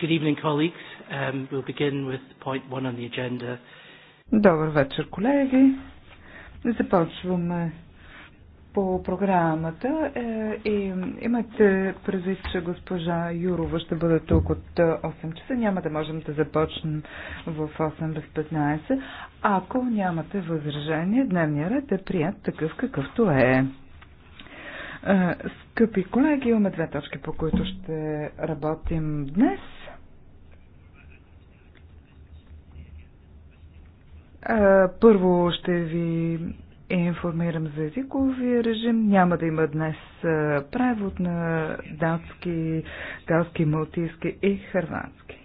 Good evening, colleagues. Um, we'll begin with point one on the agenda. Добър вечер, колеги. Започваме по програмата. Е, и, имате предвид, че госпожа Юрова ще бъде тук от 8 е, часа. Няма да можем да започнем в 8 без 15. Ако нямате възражение, дневният ред е прият такъв какъвто е. е. Скъпи колеги, имаме две точки, по които ще работим днес. Първо ще ви информирам за езиковия режим. Няма да има днес превод на датски, галски, малтийски и хрватски.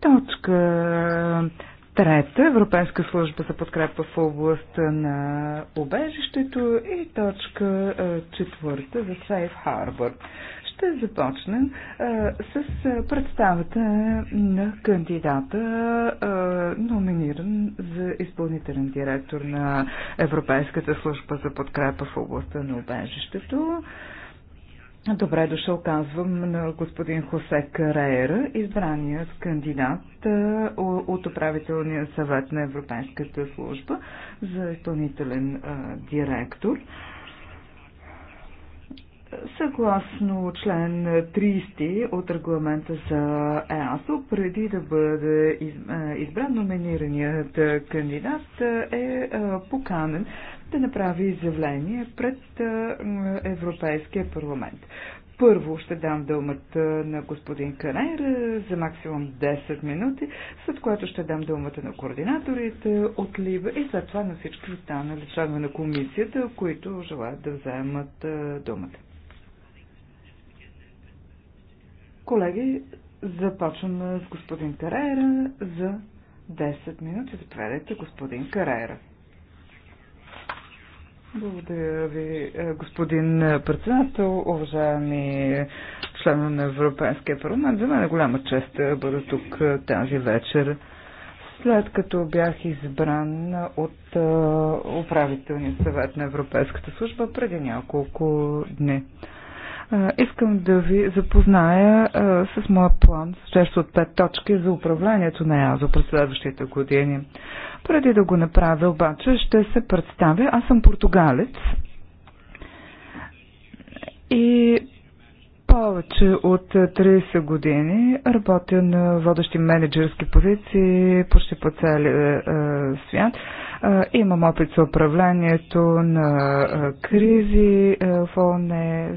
Точка Трета, Европейска служба за подкрепа в областта на убежището и точка четвърта за Safe Harbor ще започнем а, с представата на кандидата, а, номиниран за изпълнителен директор на Европейската служба за подкрепа в областта на убежището. Добре дошъл, казвам на господин Хосе Карейра, избраният кандидат от управителния съвет на Европейската служба за изпълнителен директор. Съгласно член 30 от регламента за ЕАСО, преди да бъде избран номинираният кандидат е поканен да направи изявление пред Европейския парламент. Първо ще дам думата на господин Канер за максимум 10 минути, след което ще дам думата на координаторите от Либа и след това на всички останали членове на комисията, които желаят да вземат думата. Колеги, започваме с господин Карайра за 10 минути. Заповядайте, господин Карайра. Благодаря ви, е, господин председател, уважаеми членове на Европейския парламент. За мен е голяма чест да бъда тук е, тази вечер. След като бях избран от е, управителния съвет на Европейската служба преди няколко дни. Искам да ви запозная с моя план, често от пет точки за управлението на ЯЗО през следващите години. Преди да го направя обаче, ще се представя. Аз съм португалец и повече от 30 години работя на водещи менеджерски позиции почти по целия е, свят. Е, имам опит за управлението на е, кризи в ОНЕ,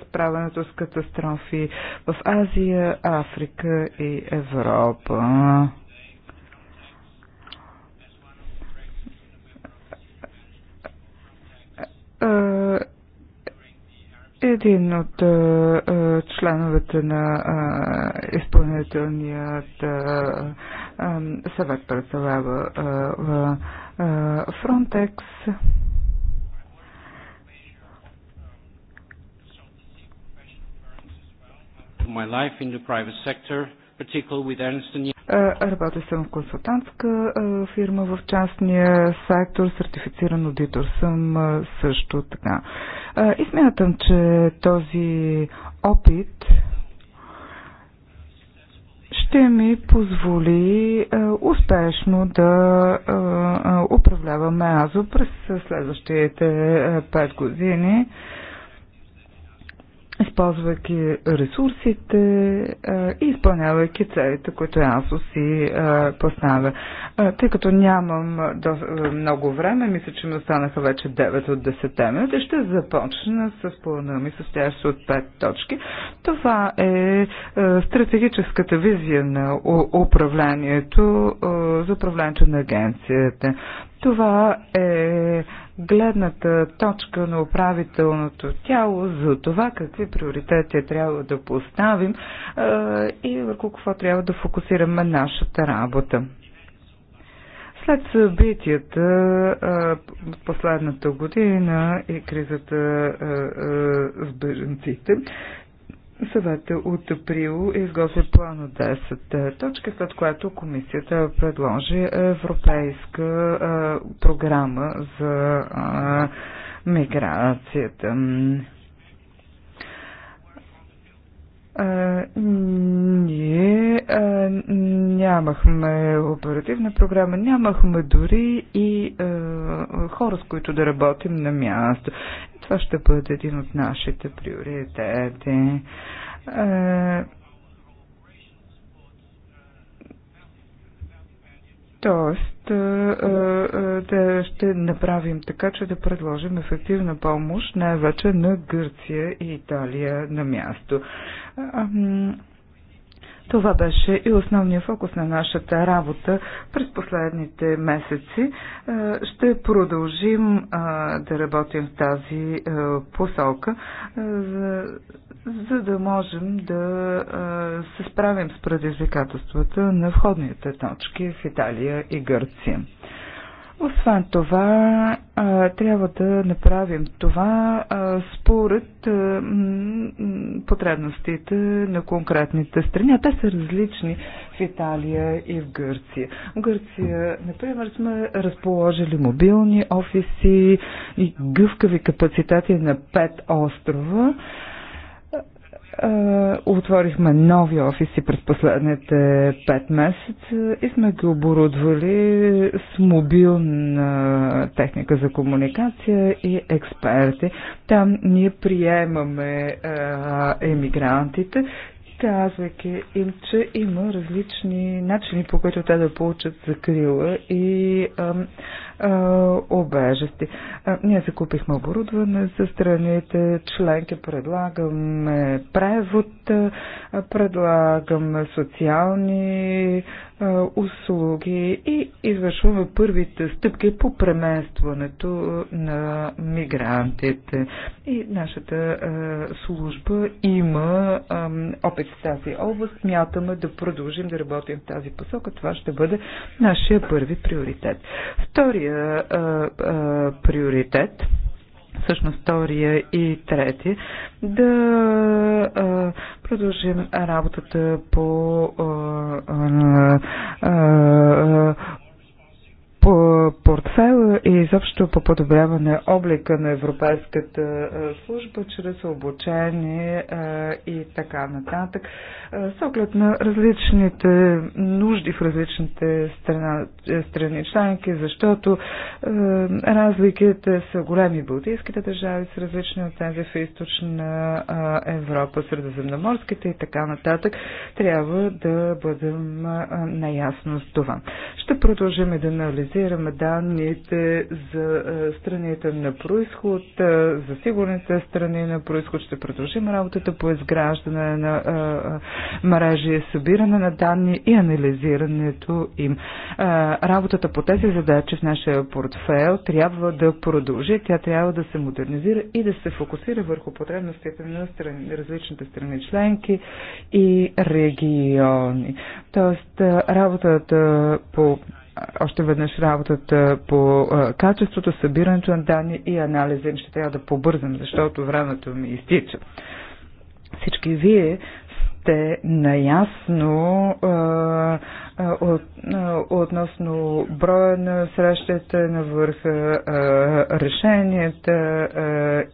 с с катастрофи в Азия, Африка и Европа. Е, един от а, е, е, членовете на а, изпълнителният а, а, съвет представлява Фронтекс. А, Е, работя съм в консултантска е, фирма в частния сектор, сертифициран аудитор съм е, също така. И смятам, че този опит ще ми позволи успешно да управляваме АЗО през следващите 5 години използвайки ресурсите и изпълнявайки целите, които ясо си поставя. Тъй като нямам много време, мисля, че ми останаха вече 9 от 10 минути, ще започна с плана ми, състоящ от 5 точки. Това е стратегическата визия на управлението, за управлението на агенцията. Това е гледната точка на управителното тяло за това какви приоритети е трябва да поставим и върху какво трябва да фокусираме нашата работа. След събитията в последната година и кризата с беженците, съвета от април изготви план от 10 точки, след което комисията предложи европейска програма за миграцията. А, ние а, нямахме оперативна програма, нямахме дори и а, хора, с които да работим на място. Това ще бъде един от нашите приоритети. А, Тоест, да ще направим така, че да предложим ефективна помощ най-вече на Гърция и Италия на място. Това беше и основният фокус на нашата работа през последните месеци. Ще продължим да работим в тази посока за да можем да се справим с предизвикателствата на входните точки в Италия и Гърция. Освен това, трябва да направим това според потребностите на конкретните страни. Те са различни в Италия и в Гърция. В Гърция, например, сме разположили мобилни офиси и гъвкави капацитети на пет острова е, отворихме нови офиси през последните 5 месеца и сме ги оборудвали с мобилна техника за комуникация и експерти. Там ние приемаме е, емигрантите казвайки им, че има различни начини, по които те да получат закрила и ам, обежести. Ние закупихме оборудване за страните, членки предлагаме превод, предлагаме социални услуги и извършваме първите стъпки по преместването на мигрантите. И нашата служба има опит в тази област. смятаме да продължим да работим в тази посока. Това ще бъде нашия първи приоритет. Втори втория а, а, приоритет, всъщност втория и трети, да а, продължим работата по а, а, а, по портфела и изобщо по подобряване облика на Европейската служба чрез обучение и така нататък. С оглед на различните нужди в различните страна, е, страни членки, защото разликите са големи. Балтийските държави са различни от тези в източна Европа, средоземноморските и така нататък. Трябва да бъдем наясно с това. Ще продължим да анализираме анализираме данните за е, страните на происход, е, за сигурните страни на происход. Ще продължим работата по изграждане на е, мрежи, събиране на данни и анализирането им. Работата по тези задачи в нашия портфел трябва да продължи. Тя трябва да се модернизира и да се фокусира върху потребностите на страни, различните страни членки и региони. Тоест, работата по още веднъж работата по качеството, събирането на данни и анализа им ще трябва да побързам, защото времето ми изтича. Всички вие сте наясно а, а, от, а, относно броя на срещата, на върха, а, решенията а,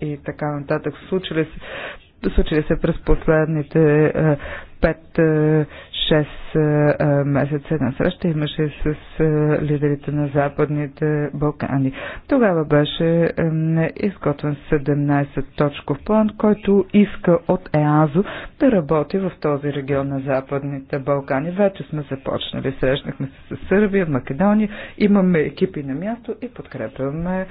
и така нататък. Случили се, случили се през последните 5-6 Месец една среща имаше с лидерите на Западните Балкани. Тогава беше изготвен 17 точков план, който иска от ЕАЗО да работи в този регион на Западните Балкани. Вече сме започнали. Срещнахме се с Сърбия, Македония, имаме екипи на място и подкрепяме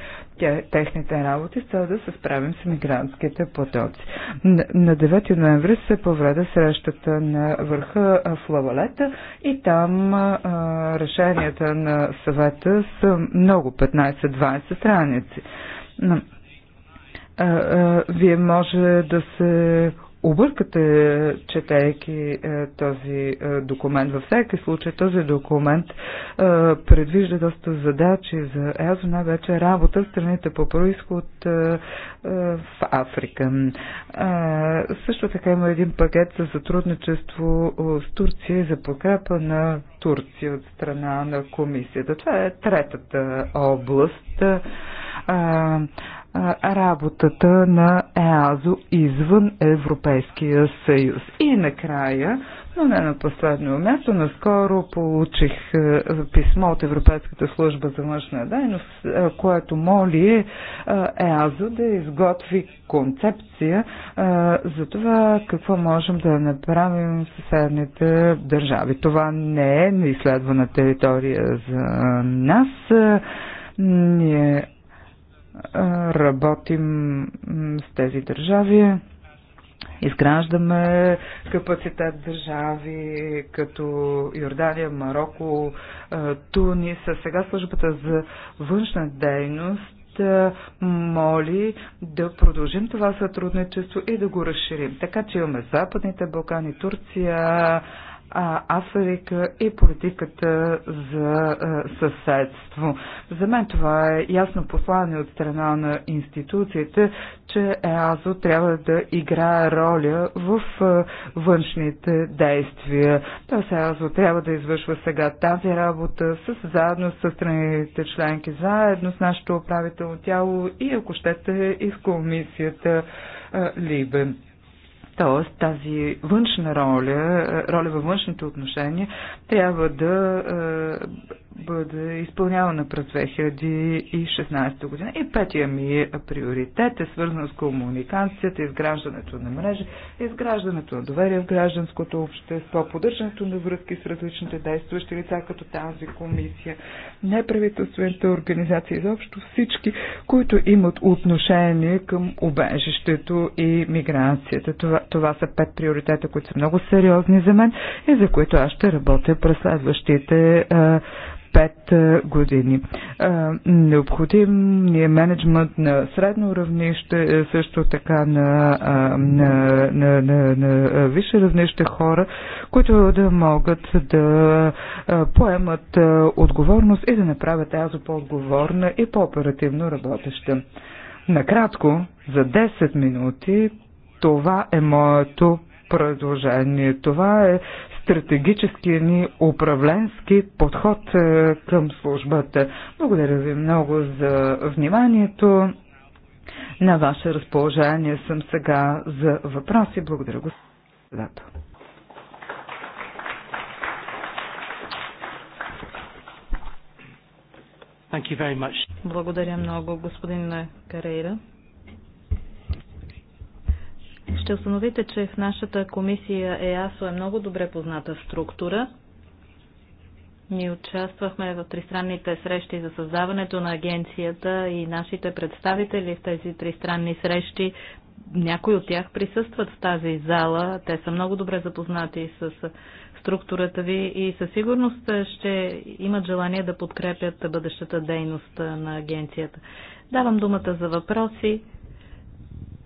техните работи с цел да се справим с мигрантските потоци. На 9 ноември се повреда срещата на върха в Лавалет съвета и там а, решенията на съвета са много 15-20 страници. Вие може да се объркате, четейки е, този е, документ. Във всеки случай този документ е, предвижда доста задачи за ЕАЗО, най-вече работа в страните по происход в Африка. Също така има един пакет за сътрудничество с Турция и за подкрепа на Турция от страна на комисията. Това е третата област работата на ЕАЗО извън Европейския съюз. И накрая, но не на последно място, наскоро получих писмо от Европейската служба за външна дейност, което моли ЕАЗО да изготви концепция за това какво можем да направим в съседните държави. Това не е изследвана територия за нас. Ние работим с тези държави, изграждаме капацитет държави като Йордания, Марокко, Тунис. Сега службата за външна дейност моли да продължим това сътрудничество и да го разширим. Така че имаме Западните Балкани, Турция, а, Африка и политиката за а, съседство. За мен това е ясно послание от страна на институциите, че ЕАЗО трябва да играе роля в а, външните действия. Тоест ЕАЗО трябва да извършва сега тази работа с, заедно с страните членки, заедно с нашето управително тяло и ако щете и с комисията а, Либен. Тоест тази външна роля, роля във външните отношения трябва да е, бъде изпълнявана през 2016 година. И петия ми е приоритет е свързан с комуникацията, изграждането на мрежи, изграждането на доверие в гражданското общество, поддържането на връзки с различните действащи лица, като тази комисия, неправителствените организации, изобщо всички, които имат отношение към обежището и миграцията. Това, това са пет приоритета, които са много сериозни за мен и за които аз ще работя през следващите 5 е, години. Е, необходим ни е менеджмент на средно равнище, е, също така на, на, на, на, на висше равнище хора, които да могат да поемат отговорност и да направят тази по-отговорна и по-оперативно работеща. Накратко, за 10 минути, това е моето предложение. Това е стратегическия ни управленски подход е, към службата. Благодаря ви много за вниманието. На ваше разположение съм сега за въпроси. Благодаря, председател. Благодаря много, господин Карейра ще установите, че в нашата комисия ЕАСО е много добре позната структура. Ние участвахме в тристранните срещи за създаването на агенцията и нашите представители в тези тристранни срещи, някои от тях присъстват в тази зала. Те са много добре запознати с структурата ви и със сигурност ще имат желание да подкрепят бъдещата дейност на агенцията. Давам думата за въпроси.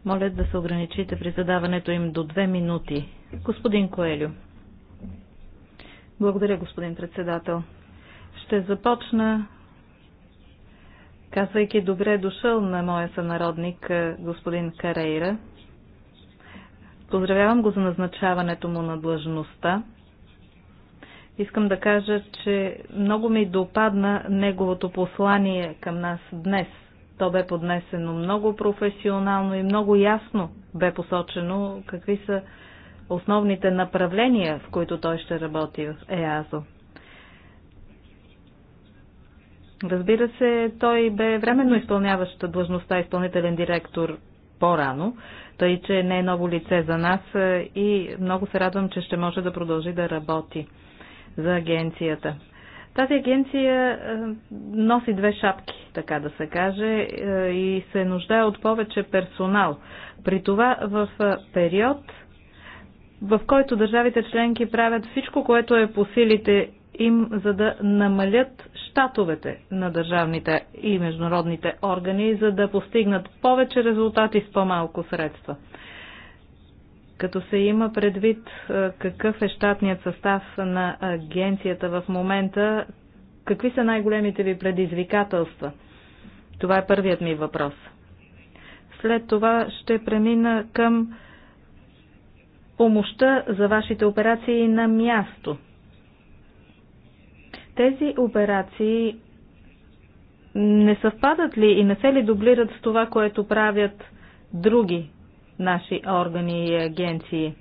Моля да се ограничите при задаването им до две минути. Господин Коелю. Благодаря, господин председател. Ще започна казвайки добре дошъл на моя сънародник, е, господин Карейра. Поздравявам го за назначаването му на длъжността. Искам да кажа, че много ми допадна неговото послание към нас днес – то бе поднесено много професионално и много ясно бе посочено какви са основните направления, в които той ще работи в ЕАЗО. Разбира се, той бе временно изпълняваща длъжността изпълнителен директор по-рано, тъй че не е ново лице за нас и много се радвам, че ще може да продължи да работи за агенцията. Тази агенция е, носи две шапки, така да се каже, е, и се нуждае от повече персонал. При това в е, период, в който държавите членки правят всичко, което е по силите им, за да намалят щатовете на държавните и международните органи, за да постигнат повече резултати с по-малко средства. Като се има предвид какъв е щатният състав на агенцията в момента, какви са най-големите ви предизвикателства? Това е първият ми въпрос. След това ще премина към помощта за вашите операции на място. Тези операции не съвпадат ли и не се ли дублират с това, което правят други наши органи и агенции.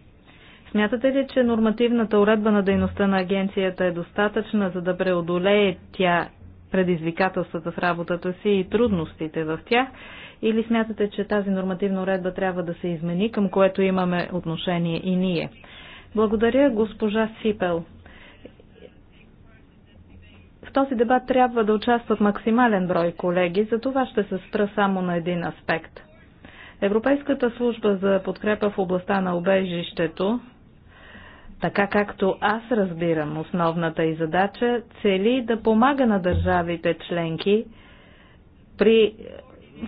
Смятате ли, че нормативната уредба на дейността на агенцията е достатъчна, за да преодолее тя предизвикателствата в работата си и трудностите в тях? Или смятате, че тази нормативна уредба трябва да се измени, към което имаме отношение и ние? Благодаря, госпожа Сипел. В този дебат трябва да участват максимален брой колеги, за това ще се спра само на един аспект – Европейската служба за подкрепа в областта на обежището, така както аз разбирам основната и задача, цели да помага на държавите членки при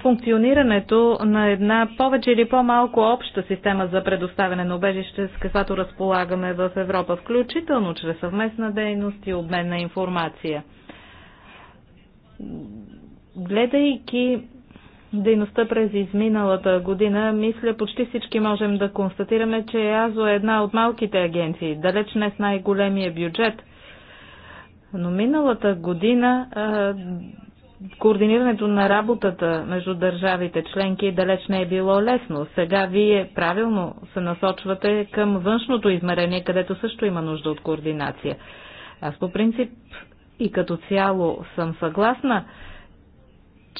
функционирането на една повече или по-малко обща система за предоставяне на обежище, с каквато разполагаме в Европа, включително чрез съвместна дейност и обмен на информация. Гледайки дейността през изминалата година, мисля почти всички можем да констатираме, че Азо е една от малките агенции, далеч не с най-големия бюджет. Но миналата година а, координирането на работата между държавите членки далеч не е било лесно. Сега вие правилно се насочвате към външното измерение, където също има нужда от координация. Аз по принцип и като цяло съм съгласна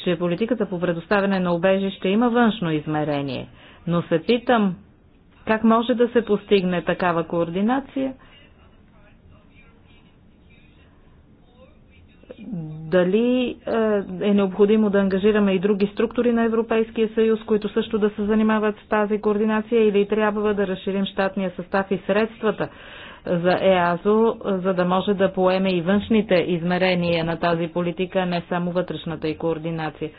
че политиката по предоставяне на обежище има външно измерение, но се питам как може да се постигне такава координация, дали е, е необходимо да ангажираме и други структури на Европейския съюз, които също да се занимават с тази координация или трябва да разширим щатния състав и средствата за ЕАЗО, за да може да поеме и външните измерения на тази политика, не само вътрешната и координация.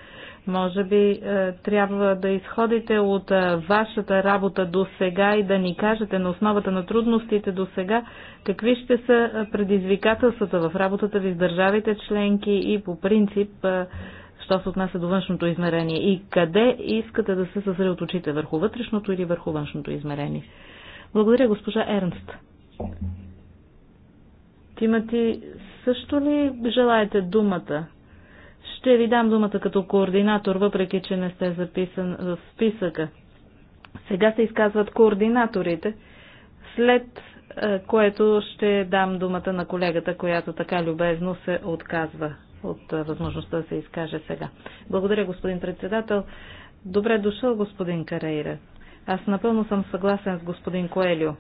Може би е, трябва да изходите от е, вашата работа до сега и да ни кажете на основата на трудностите до сега, какви ще са е, предизвикателствата в работата ви с държавите членки и по принцип, що се отнася до външното измерение и къде искате да се съсредоточите, върху вътрешното или върху външното измерение. Благодаря, госпожа Ернст. Тимати, също ли желаете думата? Ще ви дам думата като координатор, въпреки че не сте записан в списъка. Сега се изказват координаторите, след е, което ще дам думата на колегата, която така любезно се отказва от е, възможността да се изкаже сега. Благодаря, господин председател. Добре дошъл, господин Карейра. Аз напълно съм съгласен с господин Коелио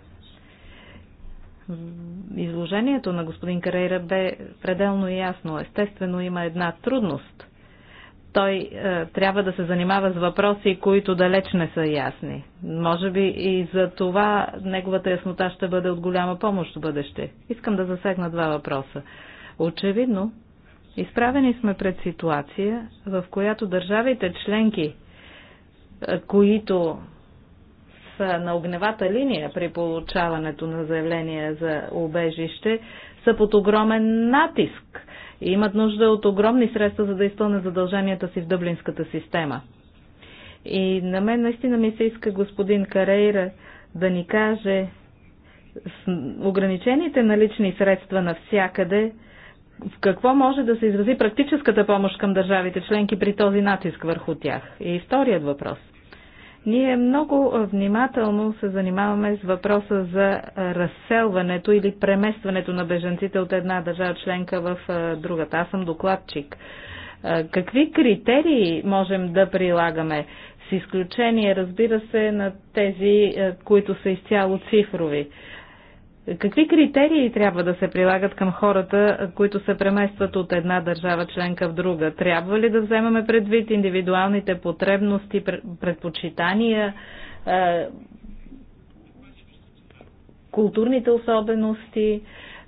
изложението на господин Карейра бе пределно ясно. Естествено има една трудност. Той е, трябва да се занимава с въпроси, които далеч не са ясни. Може би и за това неговата яснота ще бъде от голяма помощ в бъдеще. Искам да засегна два въпроса. Очевидно, изправени сме пред ситуация, в която държавите членки, е, които е, на огневата линия при получаването на заявление за убежище, са под огромен натиск и имат нужда от огромни средства, за да изпълнят задълженията си в дъблинската система. И на мен наистина ми се иска господин Карейра да ни каже с ограничените налични средства навсякъде, в какво може да се изрази практическата помощ към държавите членки при този натиск върху тях? И вторият въпрос – ние много внимателно се занимаваме с въпроса за разселването или преместването на беженците от една държава членка в другата. Аз съм докладчик. Какви критерии можем да прилагаме? С изключение, разбира се, на тези, които са изцяло цифрови. Какви критерии трябва да се прилагат към хората, които се преместват от една държава членка в друга? Трябва ли да вземаме предвид индивидуалните потребности, предпочитания, е, културните особености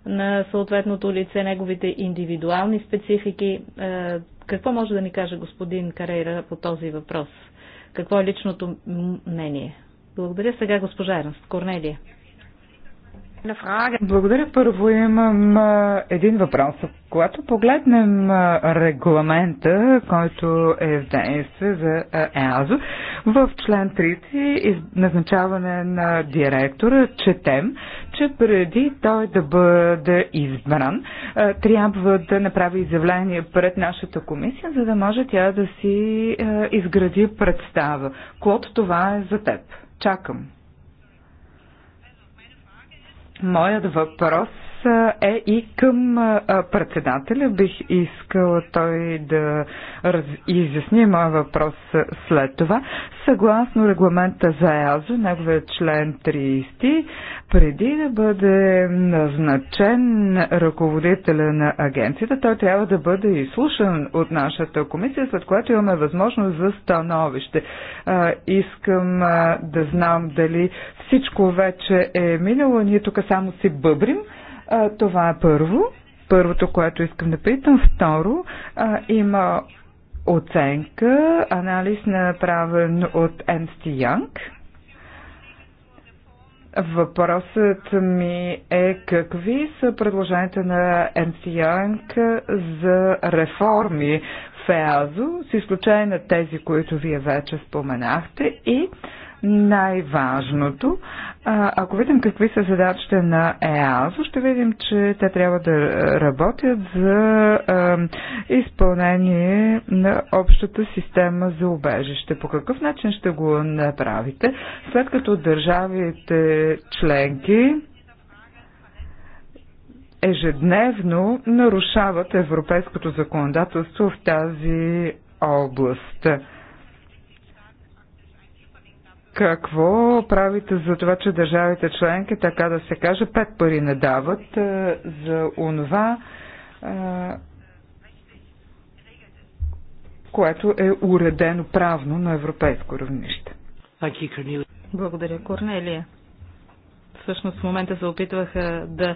на съответното лице, неговите индивидуални специфики? Е, какво може да ни каже господин Карейра по този въпрос? Какво е личното мнение? Благодаря сега госпожа Ернст Корнелия. Благодаря. Първо имам един въпрос. Когато погледнем регламента, който е в действие за ЕАЗО, в член 30 назначаване на директора четем, че преди той да бъде избран, трябва да направи изявление пред нашата комисия, за да може тя да си изгради представа. Клод, това е за теб. Чакам. Моят въпрос е, е и към е, е, председателя. Бих искала той да раз... изясни моя въпрос след това. Съгласно регламента за ЕАЗО, неговият член 30, преди да бъде назначен ръководителя на агенцията, той трябва да бъде изслушан от нашата комисия, след което имаме възможност за становище. Искам да знам дали всичко вече е минало, ние тук само си бъбрим а, това е първо. Първото, което искам да питам. Второ, а, има оценка, анализ направен от Ernst Young. Въпросът ми е какви са предложенията на Ernst Young за реформи в ЕАЗО, с изключение на тези, които вие вече споменахте и най-важното. Ако видим какви са задачите на ЕАЗО, ще видим, че те трябва да работят за изпълнение на общата система за убежище. По какъв начин ще го направите, след като държавите членки ежедневно нарушават европейското законодателство в тази област? какво правите за това, че държавите членки, така да се каже, пет пари не дават е, за онова, е, което е уредено правно на европейско равнище. Благодаря, Корнелия. Всъщност в момента се опитваха да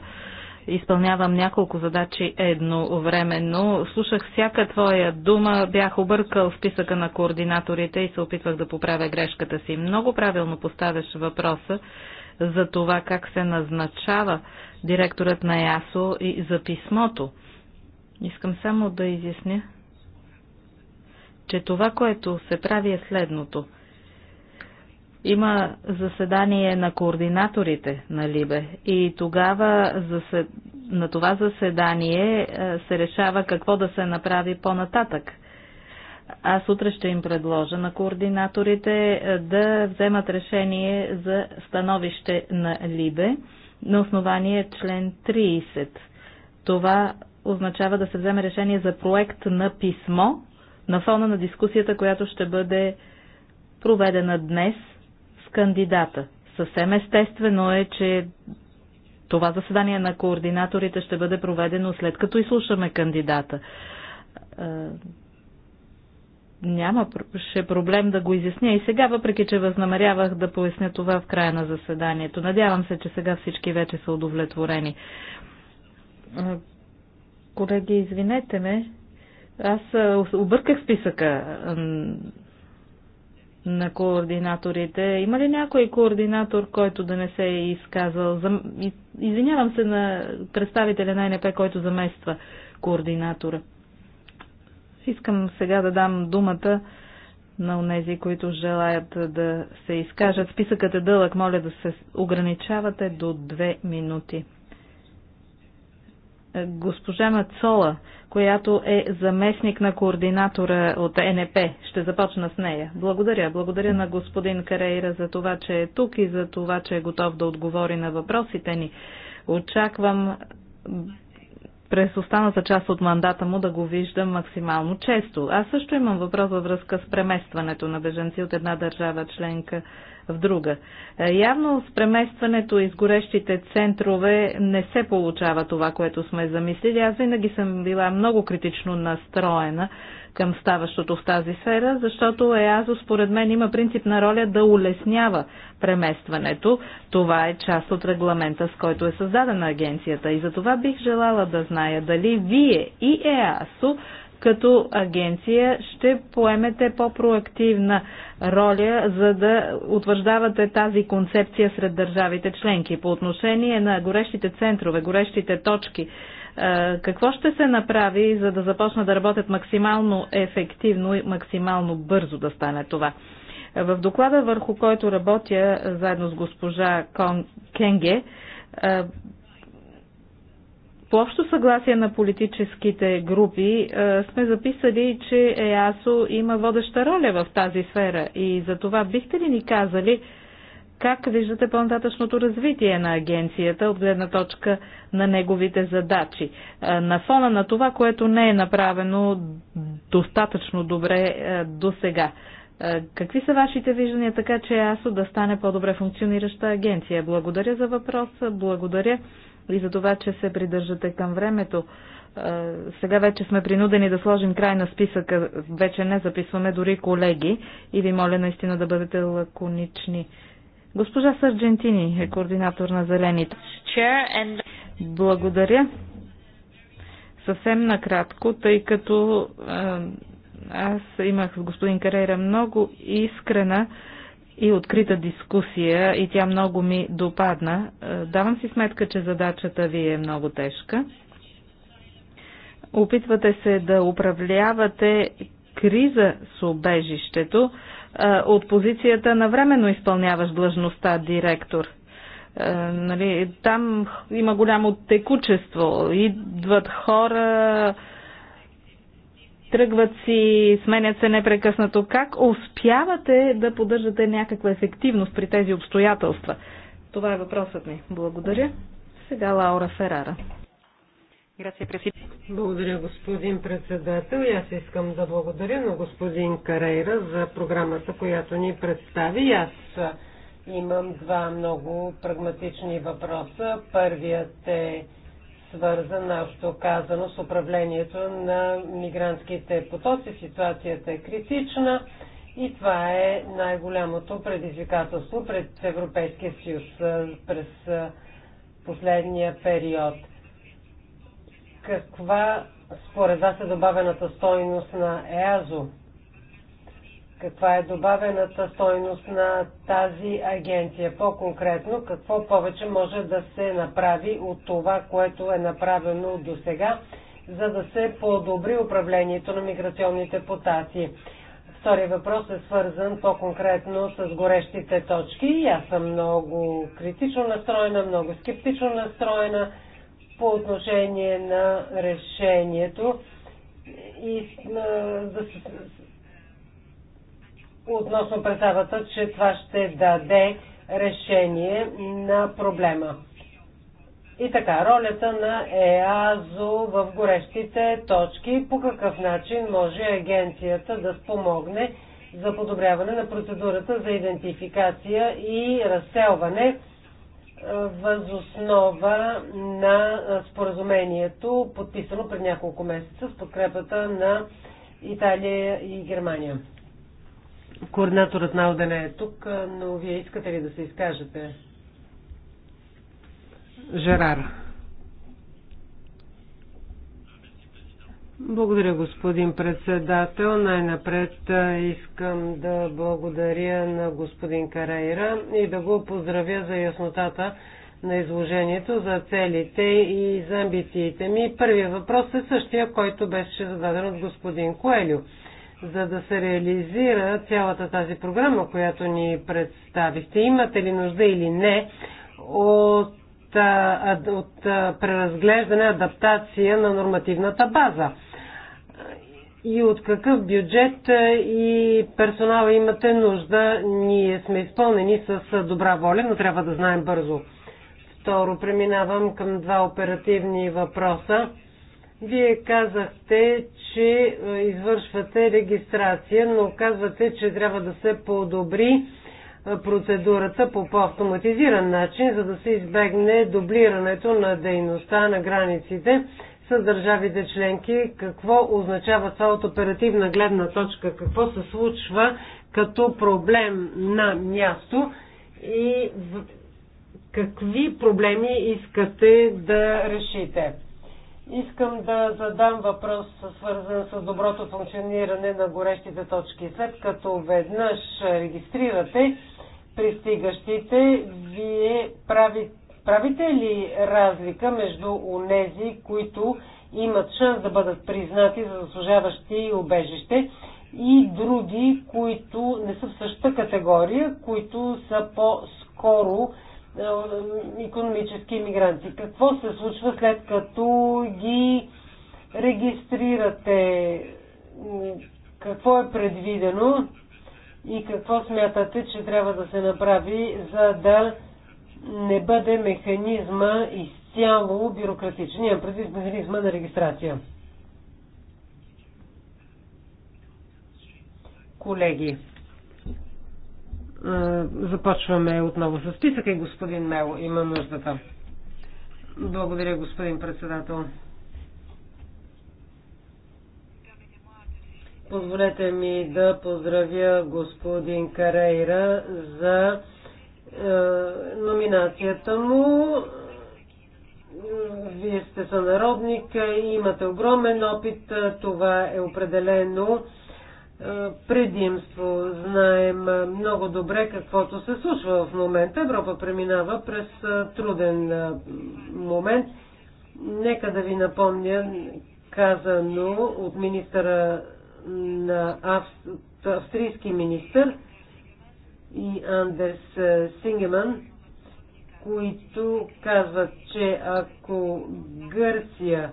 изпълнявам няколко задачи едновременно. Слушах всяка твоя дума, бях объркал списъка на координаторите и се опитвах да поправя грешката си. Много правилно поставяш въпроса за това как се назначава директорът на ЯСО и за писмото. Искам само да изясня, че това, което се прави е следното – има заседание на координаторите на Либе и тогава засед... на това заседание е, се решава какво да се направи по-нататък. Аз утре ще им предложа на координаторите е, да вземат решение за становище на Либе на основание член 30. Това означава да се вземе решение за проект на писмо на фона на дискусията, която ще бъде проведена днес кандидата. Съвсем естествено е, че това заседание на координаторите ще бъде проведено след като изслушаме кандидата. Няма ще проблем да го изясня и сега, въпреки че възнамерявах да поясня това в края на заседанието. Надявам се, че сега всички вече са удовлетворени. Колеги, извинете ме, аз обърках списъка на координаторите. Има ли някой координатор, който да не се е изказал? Извинявам се на представителя на НП, който замества координатора. Искам сега да дам думата на онези, които желаят да се изкажат. Списъкът е дълъг, моля да се ограничавате до две минути госпожа Мацола, която е заместник на координатора от НП. Ще започна с нея. Благодаря. Благодаря на господин Карейра за това, че е тук и за това, че е готов да отговори на въпросите ни. Очаквам през останата част от мандата му да го виждам максимално често. Аз също имам въпрос във връзка с преместването на беженци от една държава членка в друга. Е, явно с преместването из горещите центрове не се получава това, което сме замислили. Аз винаги съм била много критично настроена към ставащото в тази сфера, защото ЕАЗО според мен има принципна роля да улеснява преместването. Това е част от регламента, с който е създадена агенцията. И за това бих желала да зная дали вие и ЕАСО като агенция ще поемете по-проактивна роля, за да утвърждавате тази концепция сред държавите членки. По отношение на горещите центрове, горещите точки, е, какво ще се направи, за да започнат да работят максимално ефективно и максимално бързо да стане това? В доклада, върху който работя заедно с госпожа Кенге, е, по общо съгласие на политическите групи е, сме записали, че ЕАСО има водеща роля в тази сфера и за това бихте ли ни казали как виждате по-нататъчното развитие на агенцията от гледна точка на неговите задачи? Е, на фона на това, което не е направено достатъчно добре е, до сега. Какви са вашите виждания така, че ЕАСО да стане по-добре функционираща агенция? Благодаря за въпроса, благодаря и за това, че се придържате към времето. Е, сега вече сме принудени да сложим край на списъка, вече не записваме дори колеги и ви моля наистина да бъдете лаконични. Госпожа Сърджентини е координатор на Зелените. Благодаря. Съвсем накратко, тъй като е, аз имах с господин Карейра много искрена и открита дискусия и тя много ми допадна. Е, давам си сметка, че задачата ви е много тежка. Опитвате се да управлявате криза с обежището е, от позицията на временно изпълняваш длъжността директор. Е, нали, там има голямо текучество. Идват хора, тръгват си, сменят се непрекъснато. Как успявате да поддържате някаква ефективност при тези обстоятелства? Това е въпросът ми. Благодаря. Сега Лаура Ферара. Благодаря, господин председател. И аз искам да благодаря на господин Карейра за програмата, която ни представи. Аз имам два много прагматични въпроса. Първият е свързан, общо казано, с управлението на мигрантските потоци. Ситуацията е критична и това е най-голямото предизвикателство пред Европейския съюз през последния период. Каква според вас е добавената стойност на ЕАЗО? Каква е добавената стойност на тази агенция? По-конкретно, какво повече може да се направи от това, което е направено до сега, за да се подобри управлението на миграционните потаци? Втория въпрос е свързан по-конкретно с горещите точки. И аз съм много критично настроена, много скептично настроена по отношение на решението и да относно представата, че това ще даде решение на проблема. И така, ролята на ЕАЗО в горещите точки, по какъв начин може агенцията да спомогне за подобряване на процедурата за идентификация и разселване възоснова на споразумението, подписано пред няколко месеца с подкрепата на Италия и Германия. Координаторът на да не е тук, но вие искате ли да се изкажете? Жерар. Благодаря, господин председател. Най-напред искам да благодаря на господин Карейра и да го поздравя за яснотата на изложението, за целите и за амбициите ми. Първият въпрос е същия, който беше зададен от господин Коелю за да се реализира цялата тази програма, която ни представихте? Имате ли нужда или не от, от, от преразглеждане, адаптация на нормативната база? И от какъв бюджет и персонала имате нужда? Ние сме изпълнени с добра воля, но трябва да знаем бързо. Второ, преминавам към два оперативни въпроса вие казахте, че извършвате регистрация, но казвате, че трябва да се подобри процедурата по по-автоматизиран начин, за да се избегне дублирането на дейността на границите с държавите членки. Какво означава това от оперативна гледна точка? Какво се случва като проблем на място и какви проблеми искате да решите? Искам да задам въпрос, свързан с доброто функциониране на горещите точки. След като веднъж регистрирате пристигащите, вие прави, правите ли разлика между онези, които имат шанс да бъдат признати за заслужаващи убежище и други, които не са в същата категория, които са по-скоро економически мигранти. Какво се случва след като ги регистрирате? Какво е предвидено и какво смятате, че трябва да се направи, за да не бъде механизма изцяло бюрократичен? Имам предвид механизма на регистрация. Колеги, е, започваме отново с списък и господин Мело има нуждата. Благодаря, господин председател. Позволете ми да поздравя господин Карейра за е, номинацията му. Вие сте сънародник и имате огромен опит. Това е определено е, предимство. Знаем много добре каквото се случва в момента. Европа преминава през е, труден е, момент. Нека да ви напомня казано от министъра на Авст... австрийски министър и Андерс Сингеман, които казват, че ако Гърция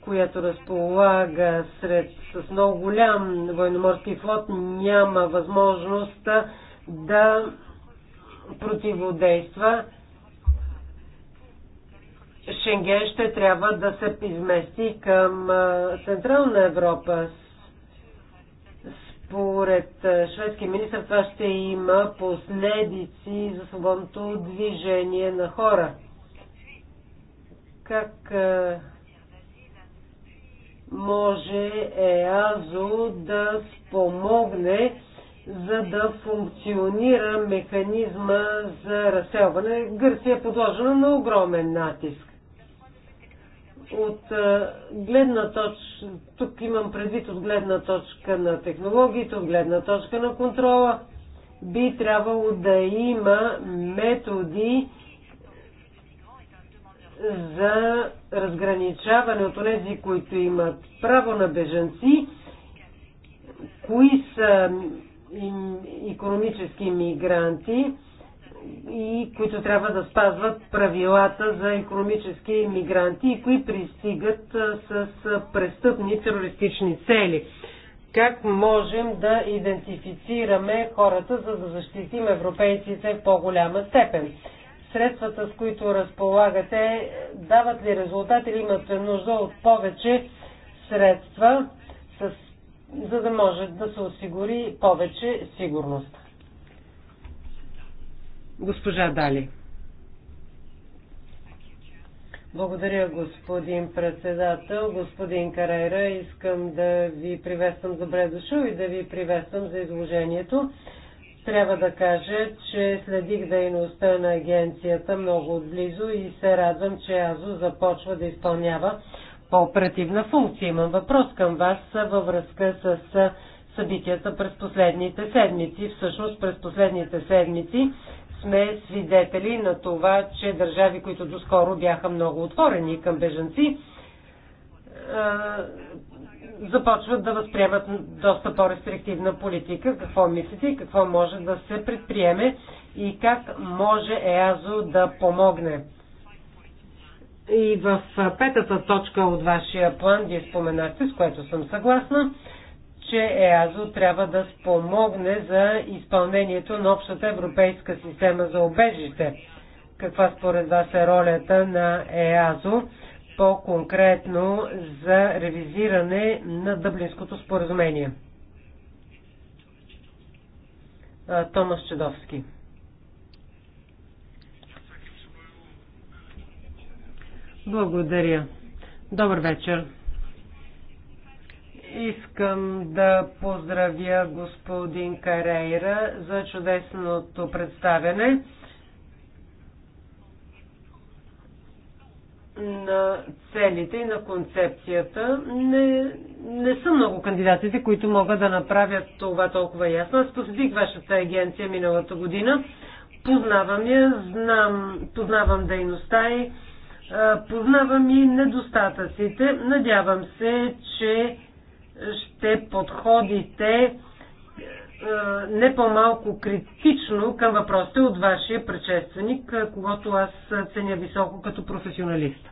която разполага сред, с много голям военноморски флот, няма възможност да противодейства. Шенген ще трябва да се измести към Централна Европа. Според шведски министр това ще има последици за свободното движение на хора. Как може ЕАЗО да спомогне за да функционира механизма за разселване. Гърция е подложена на огромен натиск. От гледна точка, тук имам предвид от гледна точка на технологиите, от гледна точка на контрола, би трябвало да има методи, за разграничаване от тези, които имат право на бежанци, кои са економически мигранти и които трябва да спазват правилата за економически мигранти и кои пристигат с престъпни терористични цели. Как можем да идентифицираме хората, за да защитим европейците в по-голяма степен? средствата, с които разполагате, дават ли резултат или имате нужда от повече средства, с, за да може да се осигури повече сигурност? Госпожа Дали. Благодаря, господин председател. Господин Карайра, искам да ви приветствам добре дошъл и да ви приветствам за изложението. Трябва да кажа, че следих дейността на агенцията много отблизо и се радвам, че Азо започва да изпълнява по-оперативна функция. Имам въпрос към вас във връзка с събитията през последните седмици. Всъщност през последните седмици сме свидетели на това, че държави, които доскоро бяха много отворени към бежанци, започват да възприемат доста по-рестриктивна политика. Какво мислите и какво може да се предприеме и как може ЕАЗО да помогне? И в петата точка от вашия план вие споменахте, с което съм съгласна, че ЕАЗО трябва да спомогне за изпълнението на общата европейска система за обежище. Каква според вас е ролята на ЕАЗО? по-конкретно за ревизиране на Дъблинското споразумение. Томас Чедовски. Благодаря. Добър вечер. Искам да поздравя господин Карейра за чудесното представяне. на целите и на концепцията. Не, не са много кандидатите, които могат да направят това толкова ясно. Аз посетих вашата агенция миналата година. Познавам я, знам, познавам дейността и познавам и недостатъците. Надявам се, че ще подходите не по-малко критично към въпросите от вашия предшественик, когато аз ценя високо като професионалист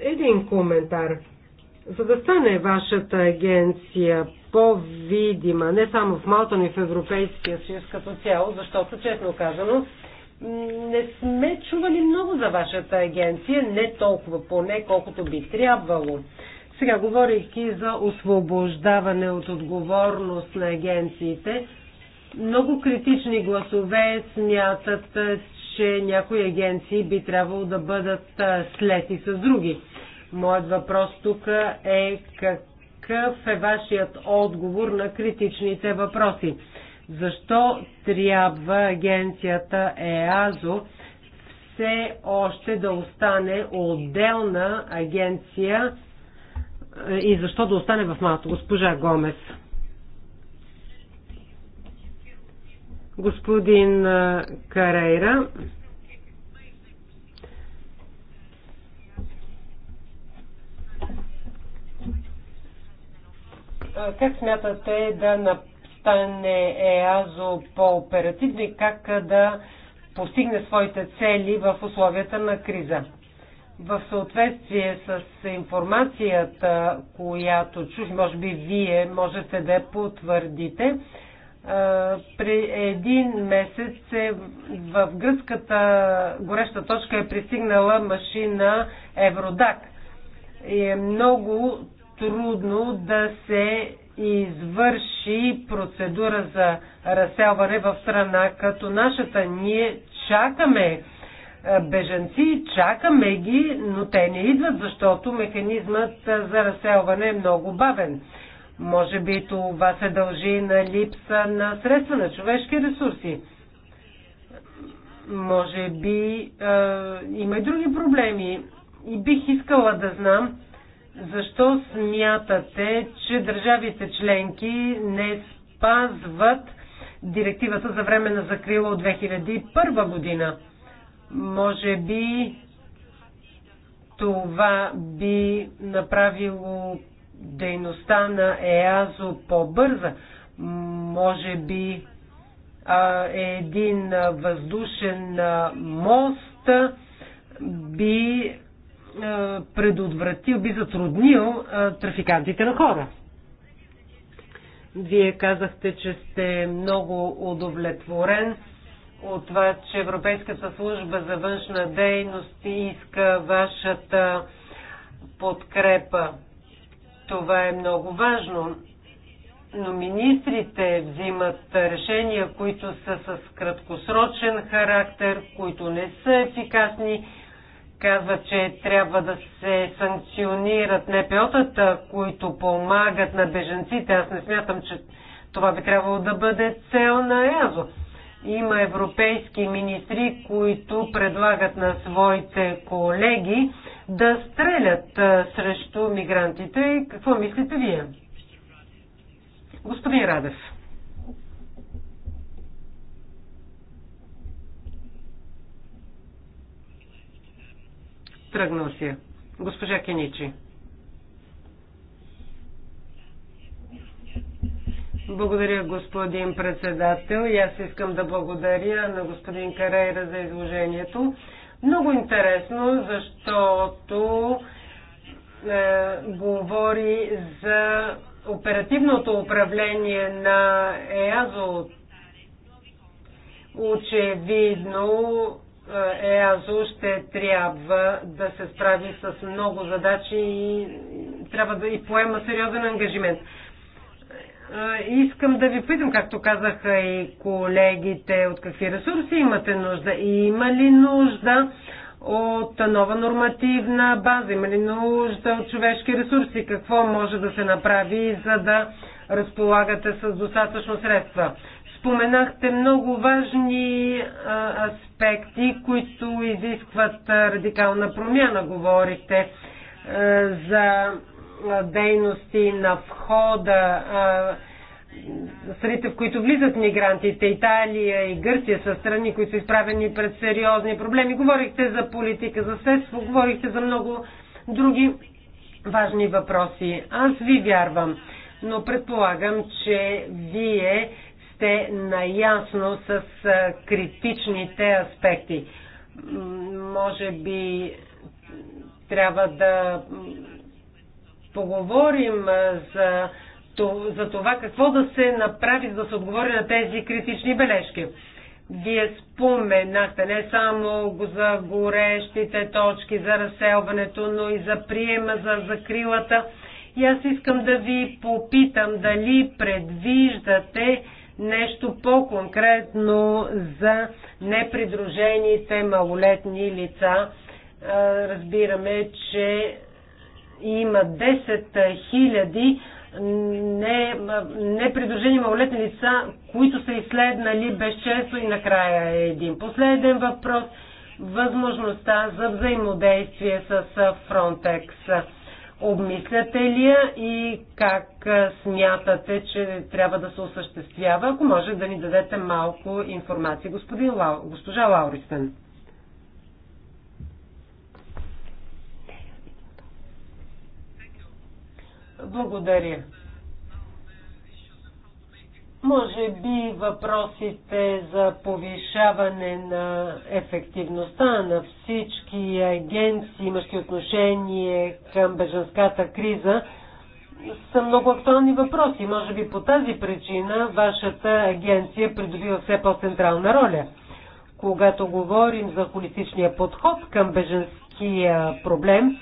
един коментар. За да стане вашата агенция по-видима, не само в Малта, но и в Европейския съюз като цяло, защото, честно казано, не сме чували много за вашата агенция, не толкова поне, колкото би трябвало. Сега, говорихки за освобождаване от отговорност на агенциите, много критични гласове смятат, че някои агенции би трябвало да бъдат слети с други. Моят въпрос тук е какъв е вашият отговор на критичните въпроси? Защо трябва агенцията ЕАЗО все още да остане отделна агенция е, и защо да остане в малото? Госпожа Гомес. Господин е, Карейра. Как смятате да стане ЕАЗО по-оперативно и как да постигне своите цели в условията на криза? В съответствие с информацията, която чух, може би вие можете да я потвърдите, при един месец е в гръцката гореща точка е пристигнала машина Евродак. И е много трудно да се извърши процедура за разселване в страна като нашата. Ние чакаме е, беженци, чакаме ги, но те не идват, защото механизмът за разселване е много бавен. Може би това се дължи на липса на средства, на човешки ресурси. Може би е, има и други проблеми. И бих искала да знам защо смятате, че държавите членки не спазват директивата за време на закрила от 2001 година? Може би това би направило дейността на ЕАЗО по-бърза. Може би а, един въздушен мост би е, предотвратил, би затруднил е, трафикантите на хора. Вие казахте, че сте много удовлетворен от това, че Европейската служба за външна дейност иска вашата подкрепа. Това е много важно. Но министрите взимат решения, които са с краткосрочен характер, които не са ефикасни казва, че трябва да се санкционират НПО-тата, които помагат на беженците. Аз не смятам, че това би трябвало да бъде цел на ЕАЗО. Има европейски министри, които предлагат на своите колеги да стрелят срещу мигрантите. Какво мислите вие? Господин Радев. Тръгнал си Госпожа Кеничи. Благодаря, господин председател. И аз искам да благодаря на господин Карейра за изложението. Много интересно, защото е, говори за оперативното управление на ЕАЗО. Очевидно, ЕАЗО ще трябва да се справи с много задачи и трябва да и поема сериозен ангажимент. Искам да ви питам, както казаха и колегите, от какви ресурси имате нужда и има ли нужда от нова нормативна база, има ли нужда от човешки ресурси, какво може да се направи, за да разполагате с достатъчно средства. Споменахте много важни а, аспекти, които изискват а, радикална промяна. Говорите а, за а, дейности на входа, а, страните, в които влизат мигрантите, Италия и Гърция са страни, които са изправени пред сериозни проблеми. Говорихте за политика, за следство, говорихте за много други важни въпроси. Аз ви вярвам, но предполагам, че вие сте наясно с критичните аспекти. Може би трябва да поговорим за, за това какво да се направи, за да се отговори на тези критични бележки. Вие споменахте не само за горещите точки, за разселването, но и за приема, за закрилата. И аз искам да ви попитам дали предвиждате нещо по-конкретно за непридружените малолетни лица. Разбираме, че има 10 000 непридружени малолетни лица, които са изследнали безчесно и накрая е един последен въпрос. Възможността за взаимодействие с Frontex Обмисляте ли я и как смятате, че трябва да се осъществява? Ако може да ни дадете малко информация. Господин Лау, госпожа Лауристен. Благодаря. Може би въпросите за повишаване на ефективността на всички агенции, имащи отношение към беженската криза, са много актуални въпроси. Може би по тази причина вашата агенция придобива все по-централна роля. Когато говорим за холистичния подход към беженския проблем,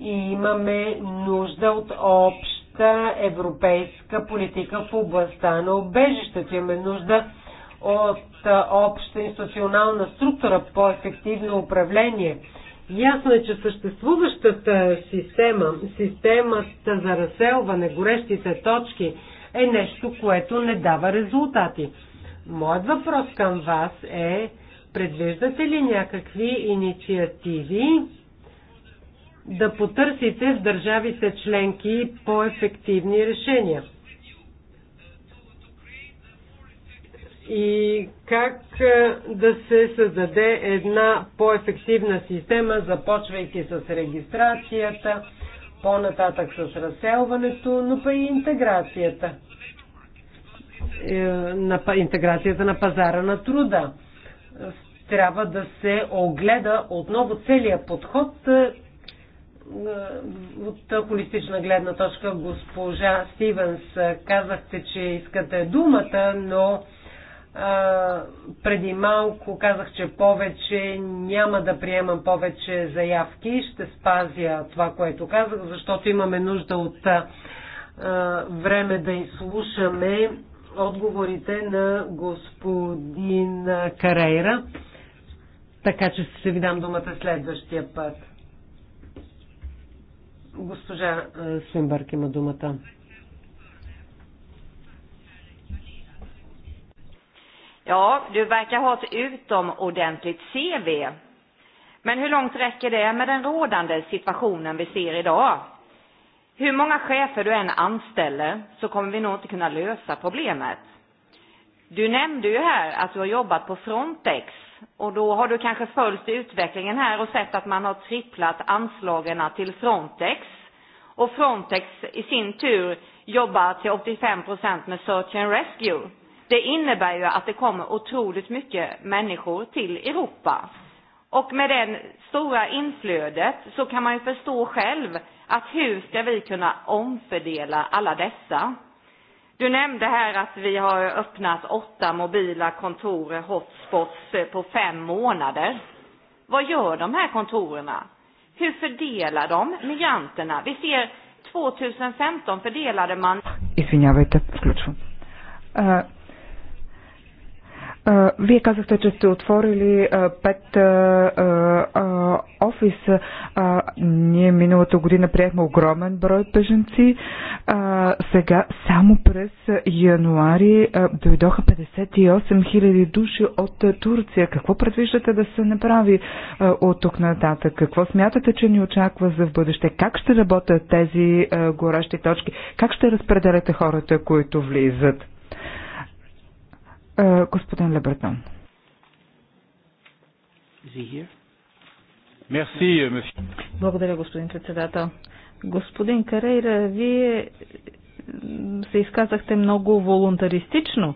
имаме нужда от общ обща европейска политика в областта на убежището. Имаме нужда от обща институционална структура, по-ефективно управление. Ясно е, че съществуващата система, системата за разселване, горещите точки е нещо, което не дава резултати. Моят въпрос към вас е, предвиждате ли някакви инициативи да потърсите в държавите членки по-ефективни решения. И как е, да се създаде една по-ефективна система, започвайки с регистрацията, по-нататък с разселването, но па и интеграцията. Е, на интеграцията на пазара на труда. Трябва да се огледа отново целият подход е, е, от холистична гледна точка, госпожа Стивенс, е, казахте, че искате думата, но а, е, преди малко казах, че повече няма да приемам повече заявки. Ще спазя това, което казах, защото имаме нужда от а, време да изслушаме отговорите на господин Карейра. Така че ще ви дам думата следващия път. Госпожа Свинбърг има думата. Ja, du verkar ha ett utomordentligt CV. Men hur långt räcker det med den rådande situationen vi ser idag? Hur många chefer du än anställer så kommer vi nog inte kunna lösa problemet. Du nämnde ju här att du har jobbat på Frontex Och då har du kanske följt utvecklingen här och sett att man har tripplat anslagen till Frontex. Och Frontex i sin tur jobbar till 85 med Search and Rescue. Det innebär ju att det kommer otroligt mycket människor till Europa. Och med det stora inflödet så kan man ju förstå själv att hur ska vi kunna omfördela alla dessa? Du nämnde här att vi har öppnat åtta mobila kontor, hotspots, på fem månader. Vad gör de här kontorerna? Hur fördelar de migranterna? Vi ser 2015 fördelade man... Извинявайте, включвам. Вие казахте, че сте отворили пет офиса. Ние миналата година приехме огромен брой беженци. Сега само през януари дойдоха 58 000 души от Турция. Какво предвиждате да се направи от тук нататък? Какво смятате, че ни очаква за в бъдеще? Как ще работят тези горещи точки? Как ще разпределяте хората, които влизат? Е, господин Лебретон. Е, Благодаря, господин председател. Господин Карейра, вие се изказахте много волонтаристично.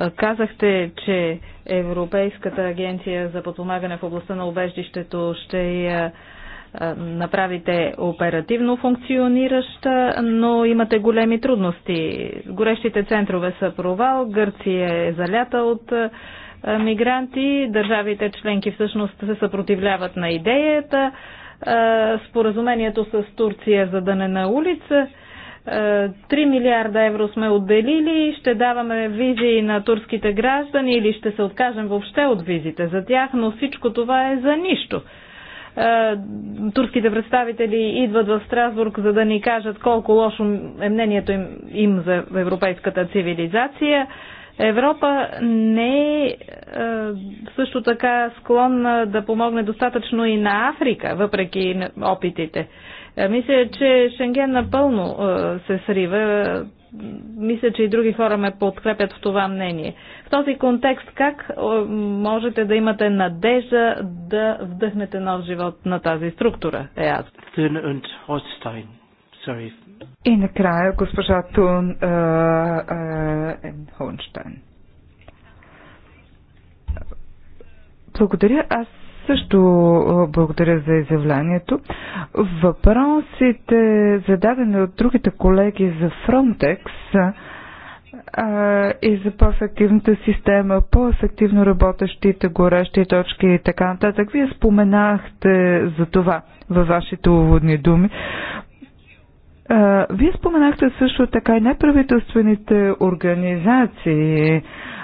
Е, казахте, че Европейската агенция за подпомагане в областта на убеждището ще я е, направите оперативно функционираща, но имате големи трудности. Горещите центрове са провал, Гърция е залята от е, мигранти, държавите членки всъщност се съпротивляват на идеята, е, споразумението с Турция за да не на улица. 3 милиарда евро сме отделили, ще даваме визи на турските граждани или ще се откажем въобще от визите за тях, но всичко това е за нищо. Е, турските представители идват в Страсбург, за да ни кажат колко лошо е мнението им, им за европейската цивилизация. Европа не е, е също така склонна да помогне достатъчно и на Африка, въпреки опитите. Е, мисля, че Шенген напълно е, се срива. Мисля, че и други хора ме подкрепят в това мнение. В този контекст, как е, можете да имате надежда да вдъхнете нов живот на тази структура? Е аз. И накрая госпожа Тун Хонштайн. Благодаря. Аз също благодаря за изявлението. Въпросите, зададени от другите колеги за Frontex, а, и за по-ефективната система, по-ефективно работещите горещи точки и така нататък. Вие споменахте за това във вашите уводни думи. А, вие споменахте също така и неправителствените организации.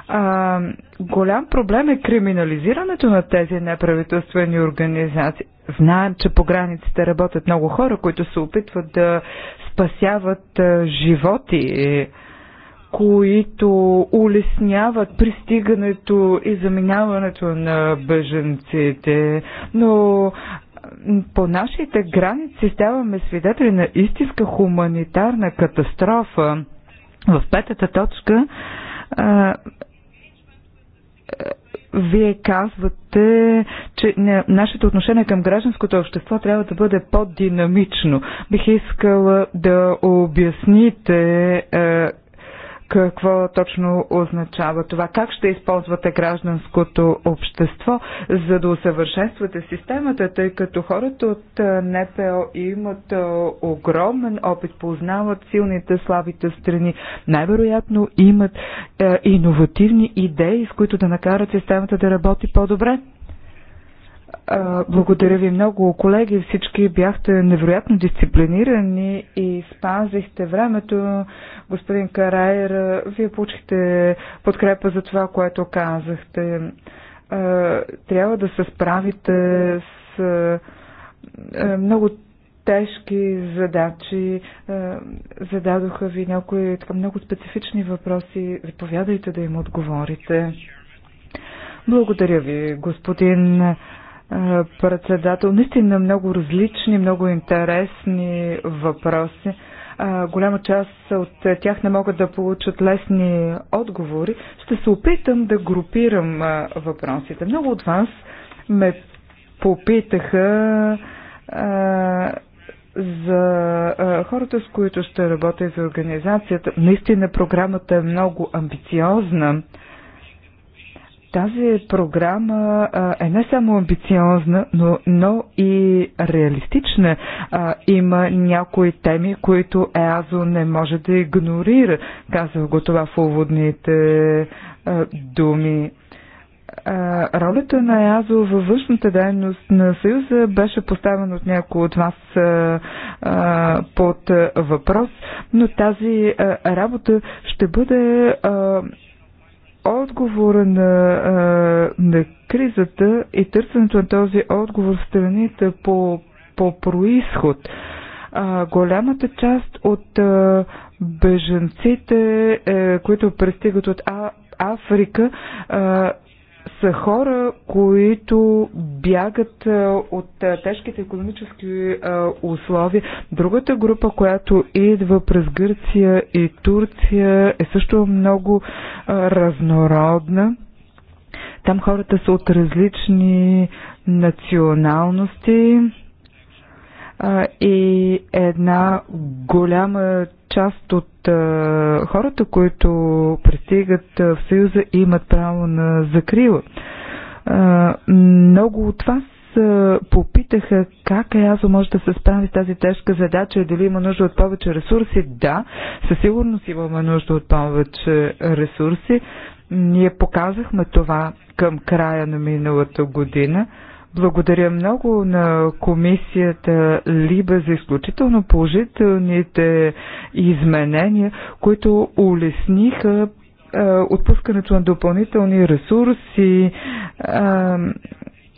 А, голям проблем е криминализирането на тези неправителствени организации. Знаем, че по границите работят много хора, които се опитват да спасяват животи които улесняват пристигането и заминаването на беженците, но по нашите граници ставаме свидетели на истинска хуманитарна катастрофа. В петата точка а, вие казвате, че не, нашето отношение към гражданското общество трябва да бъде по-динамично. Бих искала да обясните е, какво точно означава това? Как ще използвате гражданското общество, за да усъвършенствате системата, тъй като хората от НПО имат огромен опит, познават силните, слабите страни, най-вероятно имат иновативни идеи, с които да накарат системата да работи по-добре? благодаря ви много, колеги. Всички бяхте невероятно дисциплинирани и спазихте времето. Господин Карайер, вие получихте подкрепа за това, което казахте. Трябва да се справите с много тежки задачи. Зададоха ви някои така, много специфични въпроси. Заповядайте да им отговорите. Благодаря ви, господин председател. Наистина много различни, много интересни въпроси. Голяма част от тях не могат да получат лесни отговори. Ще се опитам да групирам въпросите. Много от вас ме попитаха за хората, с които ще работя за организацията. Наистина програмата е много амбициозна. Тази програма е не само амбициозна, но, но и реалистична. Има някои теми, които ЕАЗО не може да игнорира. Казах го това в уводните думи ролята на ЕАЗО във външната дейност на Съюза беше поставена от някои от вас под въпрос, но тази работа ще бъде отговора на, на кризата и търсенето на този отговор в страните по, по происход. А, голямата част от а, беженците, е, които пристигат от а, Африка, а, са хора, които бягат от тежките економически условия. Другата група, която идва през Гърция и Турция, е също много разнородна. Там хората са от различни националности и една голяма част от хората, които пристигат в Съюза, имат право на закрила. Много от вас попитаха как Еазо може да се справи с тази тежка задача и дали има нужда от повече ресурси. Да, със сигурност имаме нужда от повече ресурси. Ние показахме това към края на миналата година. Благодаря много на комисията Либа за изключително положителните изменения, които улесниха отпускането на допълнителни ресурси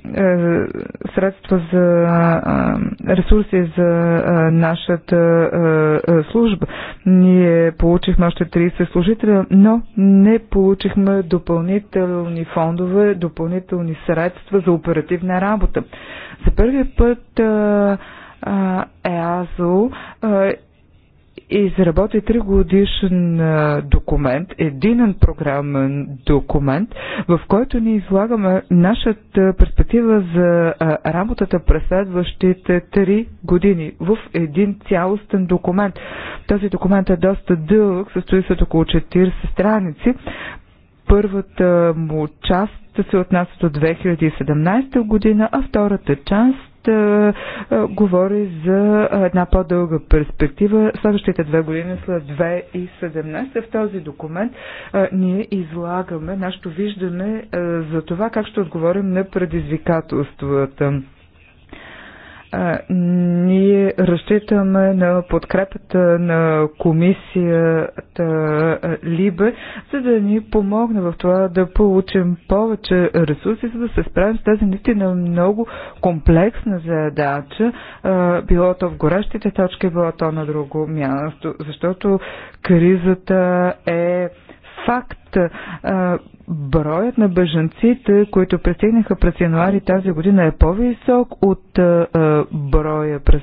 е, средства за е, ресурси за е, нашата служба. Ние получихме още 30 служителя, но не получихме допълнителни фондове, допълнителни средства за оперативна работа. За първи път ЕАЗО изработи тригодишен документ, единен програмен документ, в който ни излагаме нашата перспектива за работата през следващите три години в един цялостен документ. Този документ е доста дълъг, състои се от около 40 страници. Първата му част се отнася до 2017 година, а втората част говори за една по-дълга перспектива. Следващите две години след 2017 в този документ ние излагаме нашето виждане за това как ще отговорим на предизвикателствата ние разчитаме на подкрепата на комисията Либе, за да ни помогне в това да получим повече ресурси, за да се справим с тази наистина много комплексна задача, било то в горещите точки, било то на друго място, защото кризата е факт. Броят на бежанците, които пристигнаха през януари тази година е по-висок от броя през,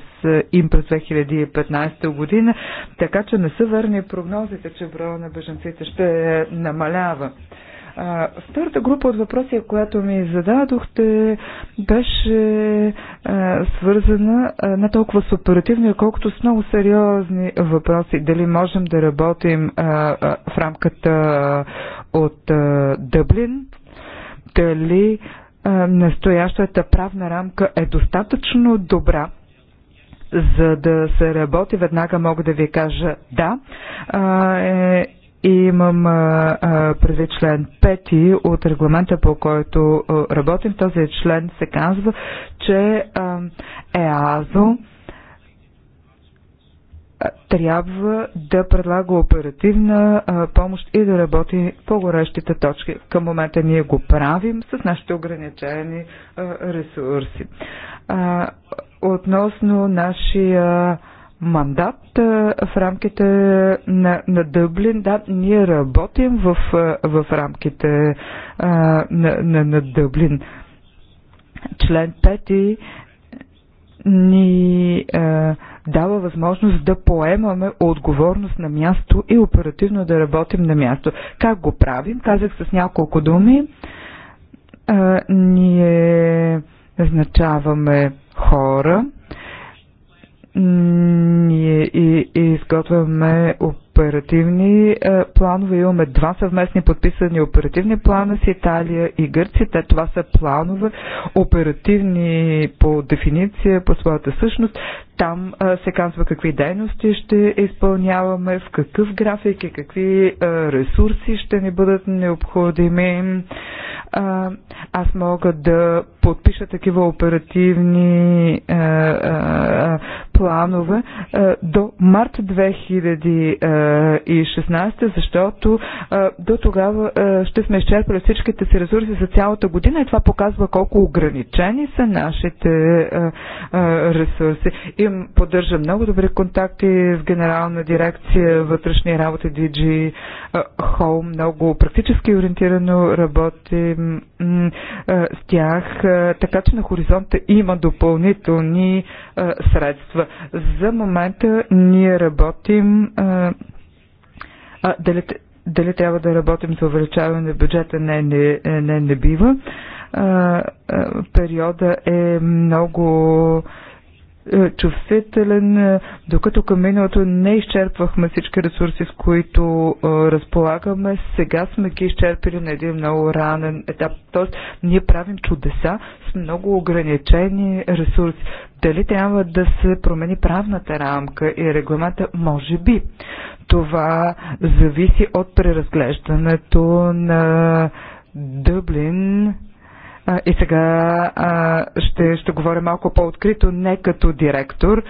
им през 2015 година, така че не са верни прогнозите, че броя на бежанците ще е, намалява. Втората група от въпроси, която ми зададохте, беше свързана не толкова с оперативни, колкото с много сериозни въпроси. Дали можем да работим в рамката от Дъблин? Дали настоящата правна рамка е достатъчно добра? за да се работи, веднага мога да ви кажа да. А, е, Имам а, а, преди член 5 от регламента, по който а, работим. този член се казва, че а, ЕАЗО трябва да предлага оперативна а, помощ и да работи по горещите точки. Към момента ние го правим с нашите ограничени а, ресурси. А, относно нашия мандат в рамките на, на Дъблин. Да, ние работим в, в рамките на, на, на Дъблин. Член 5 ни а, дава възможност да поемаме отговорност на място и оперативно да работим на място. Как го правим? Казах с няколко думи. А, ние назначаваме хора, ние и, и изготвяме оперативни е, планове. Имаме два съвместни подписани оперативни плана с Италия и Гърция. Те това са планове, оперативни по дефиниция, по своята същност. Там а, се казва какви дейности ще изпълняваме, в какъв график и какви а, ресурси ще ни бъдат необходими. А, аз мога да подпиша такива оперативни а, а, планове а, до март 2016, защото а, до тогава а, ще сме изчерпали всичките си ресурси за цялата година и това показва колко ограничени са нашите а, а, ресурси. И им поддържа много добри контакти в Генерална дирекция вътрешни работи DG Home. Много практически ориентирано работим с тях, така че на хоризонта има допълнителни средства. За момента ние работим дали, дали трябва да работим за увеличаване на бюджета, не, не, не, не бива. А, а, периода е много е, чувствителен, е, докато към миналото не изчерпвахме всички ресурси, с които е, разполагаме. Сега сме ги изчерпили на един много ранен етап. Тоест, ние правим чудеса с много ограничени ресурси. Дали трябва да се промени правната рамка и регламента? Може би. Това зависи от преразглеждането на Дъблин и сега ще, ще говоря малко по-открито, не като директор.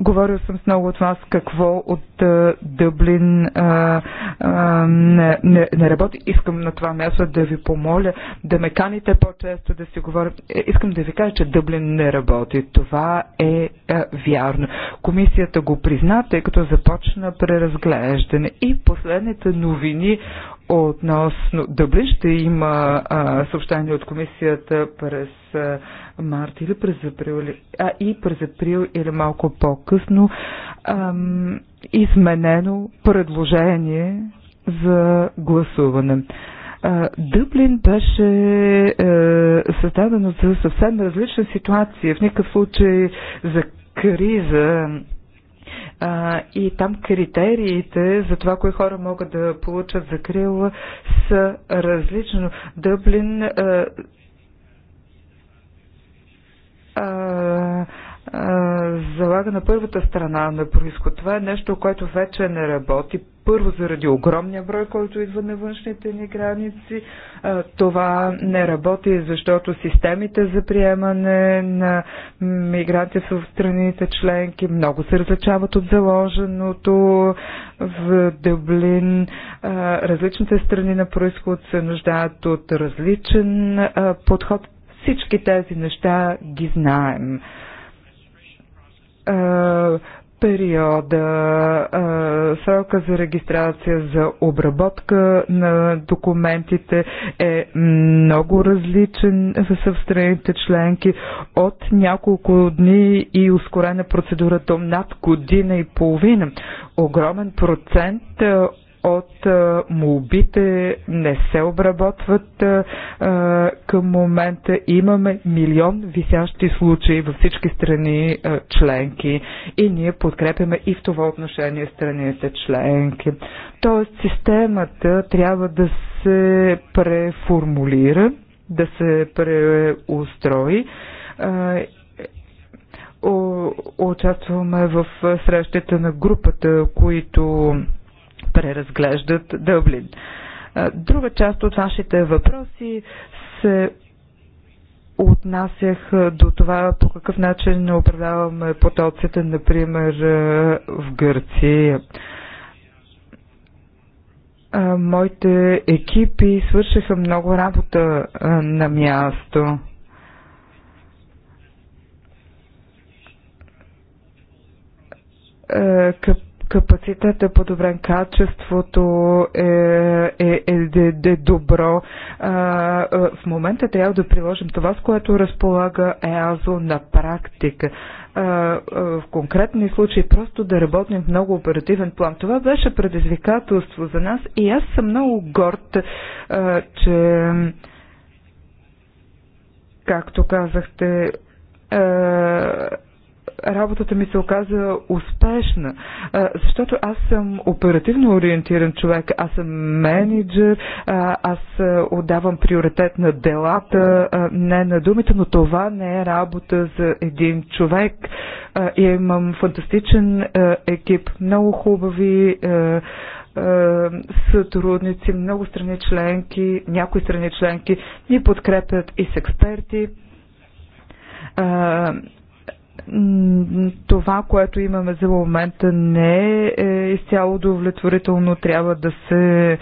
Говорил съм с много от вас какво от а, Дъблин а, а, не, не, не работи. Искам на това място да ви помоля да ме каните по-често да си говорим. Е, искам да ви кажа, че Дъблин не работи. Това е а, вярно. Комисията го призна, тъй като започна преразглеждане. И последните новини относно Дъблин ще има а, съобщение от комисията през а, март или през април, а и през април или малко по-късно изменено предложение за гласуване. Дъблин беше е, създадено за съвсем различна ситуация, в никакъв случай за криза а, и там критериите за това, кои хора могат да получат закрила, са различно. Дъблин а, а, залага на първата страна на происход. Това е нещо, което вече не работи. Първо заради огромния брой, който идва на външните ни граници. Това не работи, защото системите за приемане на мигранти в страните членки много се различават от заложеното в Дъблин. Различните страни на происход се нуждаят от различен подход. Всички тези неща ги знаем. Е, периода, е, срока за регистрация, за обработка на документите е много различен в страните членки от няколко дни и ускорена процедурата над година и половина. Огромен процент е, от молбите не се обработват към момента. Имаме милион висящи случаи във всички страни членки и ние подкрепяме и в това отношение страните членки. Тоест системата трябва да се преформулира, да се преустрои участваме в срещите на групата, които преразглеждат Дъблин. Друга част от вашите въпроси се отнасях до това по какъв начин управляваме потоците, например, в Гърция. Моите екипи свършиха много работа на място. Като капацитет е подобрен, качеството е, е, е, е, е добро. В момента трябва да приложим това, с което разполага ЕАЗО на практика. В конкретни случаи просто да работим в много оперативен план. Това беше предизвикателство за нас и аз съм много горд, че както казахте, работата ми се оказа успешна, защото аз съм оперативно ориентиран човек, аз съм менеджер, аз отдавам приоритет на делата, не на думите, но това не е работа за един човек. И имам фантастичен екип, много хубави сътрудници, много страни членки, някои страни членки ни подкрепят и с експерти това, което имаме за момента не е изцяло удовлетворително. Трябва да се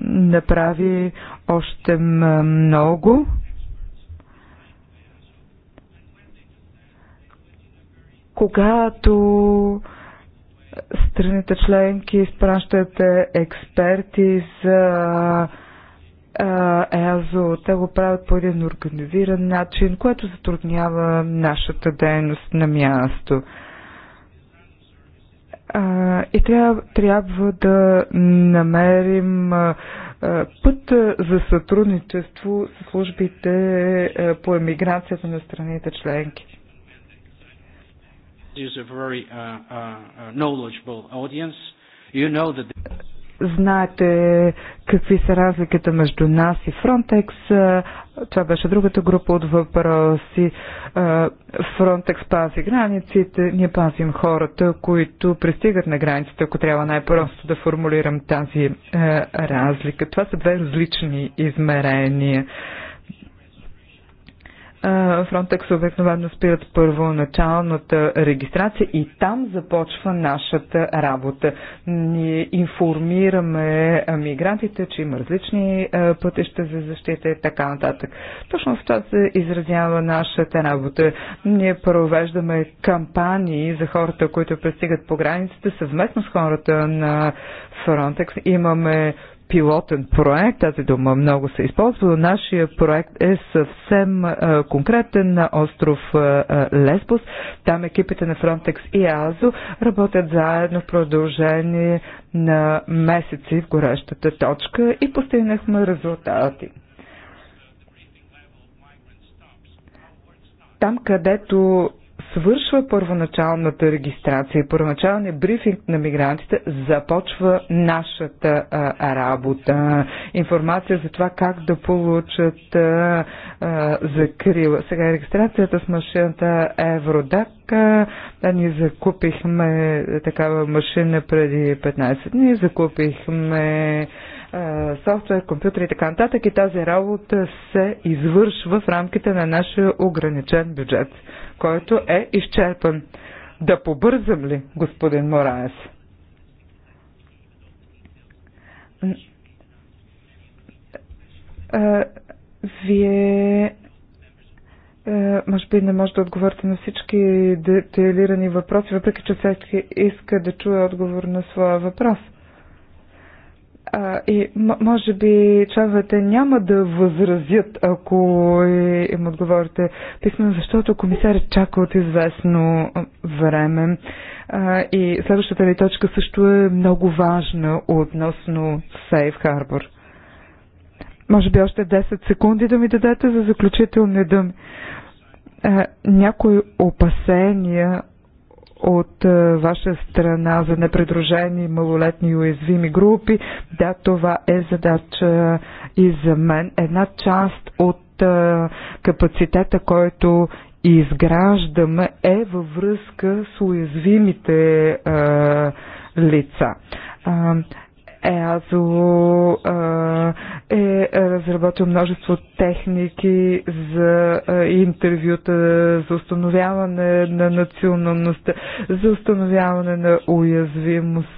направи още много. Когато страните членки изпращат експерти за ЕАЗО. Те го правят по един организиран начин, което затруднява нашата дейност на място. И трябва, трябва да намерим път за сътрудничество с службите по емиграцията на страните членки. Is a very uh, uh, uh, knowledgeable audience. You know that. Знаете какви са разликата между нас и Frontex. Това беше другата група от въпроси. Frontex пази границите, ние пазим хората, които пристигат на границите, ако трябва най-просто да формулирам тази разлика. Това са две различни измерения. Фронтекс обикновено спират първоначалната регистрация и там започва нашата работа. Ние информираме мигрантите, че има различни пътища за защита и така нататък. Точно в това се изразява нашата работа. Ние провеждаме кампании за хората, които пристигат по границите съвместно с хората на Фронтекс. Имаме пилотен проект. Тази дума много се използва, но нашия проект е съвсем конкретен на остров Лесбос. Там екипите на Frontex и АЗО работят заедно в продължение на месеци в горещата точка и постигнахме резултати. Там, където свършва първоначалната регистрация, първоначалният брифинг на мигрантите, започва нашата а, работа. Информация за това как да получат а, а, закрила. Сега е регистрацията с машината Евродак. Да, ние закупихме такава машина преди 15 дни, закупихме софтуер, компютър и така нататък и тази работа се извършва в рамките на нашия ограничен бюджет който е изчерпан. Да побързам ли, господин Мораес? Вие може би не може да отговорите на всички детайлирани въпроси, въпреки че всеки иска да чуе отговор на своя въпрос. А, и може би членовете няма да възразят, ако им отговорите писмено, защото комисарят чака от известно време. А, и следващата ли точка също е много важна относно Safe Harbor. Може би още 10 секунди да ми дадете за заключителни думи някои опасения от е, ваша страна за непредружени малолетни и уязвими групи. Да, това е задача и за мен. Една част от е, капацитета, който изграждаме е във връзка с уязвимите е, лица. ЕАЗО е разработил множество техники за интервюта, за установяване на националността, за установяване на уязвимост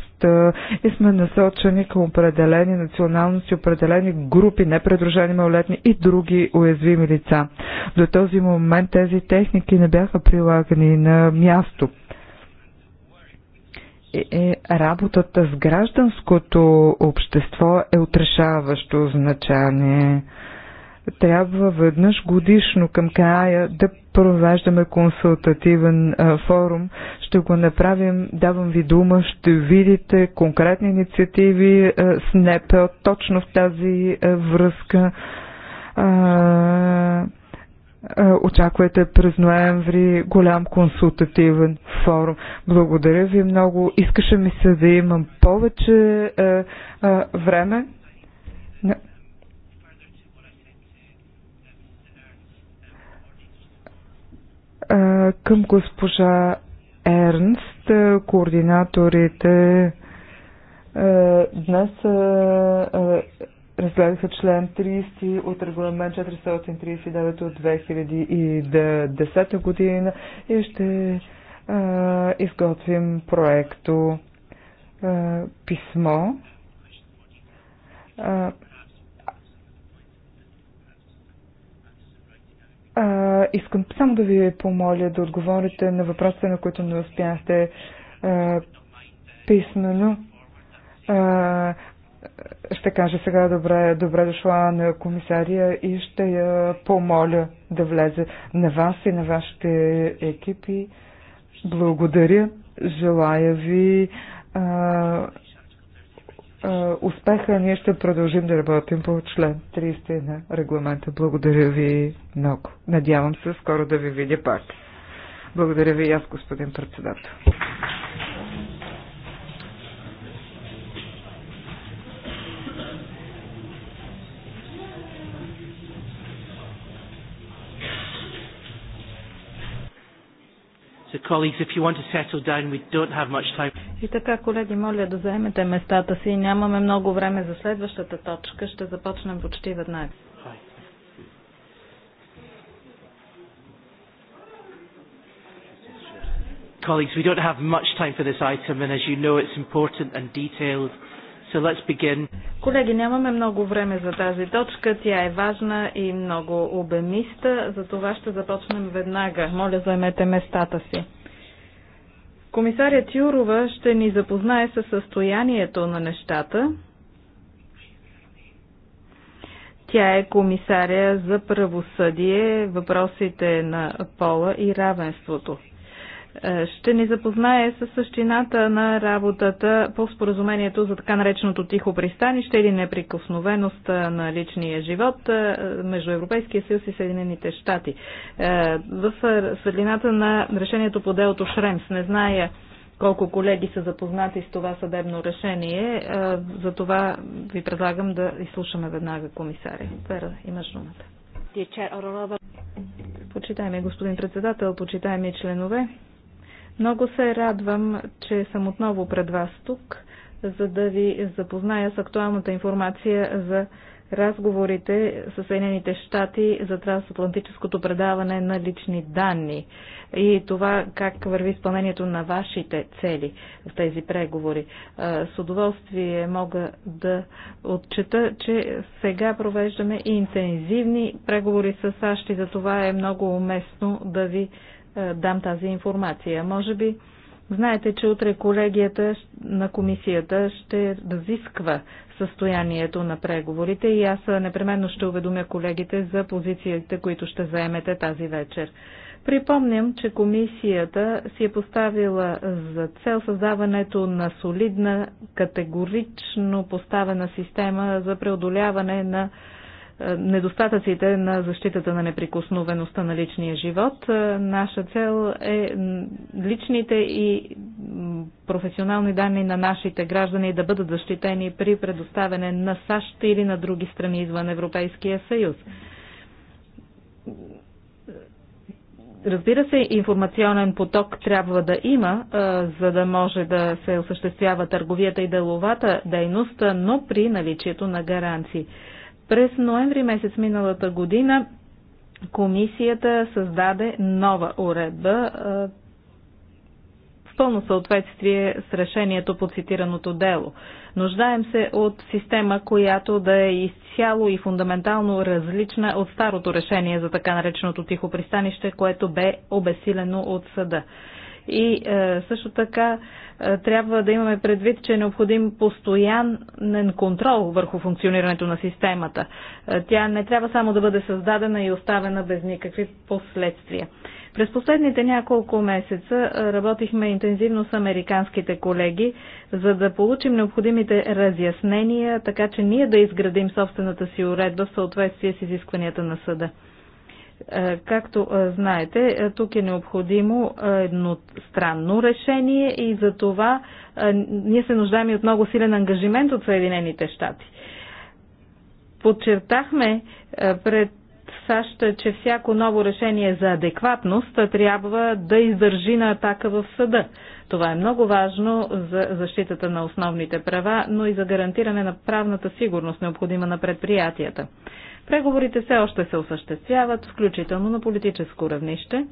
и сме насочени към определени националности, определени групи, непредружени малолетни и други уязвими лица. До този момент тези техники не бяха прилагани на място. Е, е работата с гражданското общество е отрешаващо значение. Трябва веднъж годишно към края да провеждаме консултативен а, форум. Ще го направим, давам ви дума, ще видите конкретни инициативи а, с НЕПЕ точно в тази а, връзка. А, е, очаквайте през ноември голям консултативен форум. Благодаря ви много. Искаше ми се да имам повече е, е, време. Е, към госпожа Ернст, е, координаторите днес разгледаха член 30 от регламент 439 от 2010 година и ще а, изготвим проекто а, писмо. А, а, искам само да ви помоля да отговорите на въпросите, на които не успяхте а, писменно. А, ще кажа сега добре, добре дошла на комисария и ще я помоля да влезе на вас и на вашите екипи. Благодаря. Желая ви а, а, успеха. Ние ще продължим да работим по член 30 на регламента. Благодаря ви много. Надявам се скоро да ви видя пак. Благодаря ви и аз, господин председател. colleagues, if you want to settle down, we don't have much time. И така, колеги, моля да заемете местата си. Нямаме много време за следващата точка. Ще започнем почти веднага. Colleagues, we don't have much time for this item, and as you know, it's important and detailed. So let's begin. Колеги, нямаме много време за тази точка. Тя е важна и много обемиста. За това ще започнем веднага. Моля, заемете местата си. Комисарят Юрова ще ни запознае със състоянието на нещата. Тя е комисаря за правосъдие, въпросите на пола и равенството. Е, ще ни запознае с същината на работата по споразумението за така нареченото тихо пристанище или неприкосновеност е, на личния живот е, между Европейския съюз и Съединените щати. В светлината на решението по делото Шремс, не зная колко колеги са запознати с това съдебно решение, за това ви предлагам да изслушаме веднага комисаря. Вера, имаш думата. Почитаеми господин председател, почитаеми членове, много се радвам, че съм отново пред вас тук, за да ви запозная с актуалната информация за разговорите с Съединените щати за трансатлантическото предаване на лични данни и това как върви изпълнението на вашите цели в тези преговори. С удоволствие мога да отчета, че сега провеждаме и интензивни преговори с САЩ и за това е много уместно да ви е, дам тази информация. Може би знаете, че утре колегията на комисията ще разисква състоянието на преговорите и аз е, непременно ще уведомя колегите за позициите, които ще заемете тази вечер. Припомням, че комисията си е поставила за цел създаването на солидна, категорично поставена система за преодоляване на е, недостатъците на защитата на неприкосновеността на личния живот. Е, наша цел е личните и професионални данни на нашите граждани да бъдат защитени при предоставяне на САЩ или на други страни извън Европейския съюз. Разбира се, информационен поток трябва да има, е, за да може да се осъществява търговията и деловата дейност, но при наличието на гаранции. През ноември месец миналата година комисията създаде нова уредба в пълно съответствие с решението по цитираното дело. Нуждаем се от система, която да е изцяло и фундаментално различна от старото решение за така нареченото тихо пристанище, което бе обесилено от съда. И е, също така е, трябва да имаме предвид, че е необходим постоянен контрол върху функционирането на системата. Е, тя не трябва само да бъде създадена и оставена без никакви последствия. През последните няколко месеца е, работихме интензивно с американските колеги, за да получим необходимите разяснения, така че ние да изградим собствената си уредба в съответствие с изискванията на съда. Е, както е, знаете, е, тук е необходимо едно странно решение и за това ние се нуждаем и от много силен ангажимент от Съединените щати. Подчертахме пред САЩ, че всяко ново решение за адекватност трябва да издържи на атака в съда. Това е много важно за защитата на основните права, но и за гарантиране на правната сигурност, необходима на предприятията. Преговорите все още се осъществяват, включително на политическо равнище.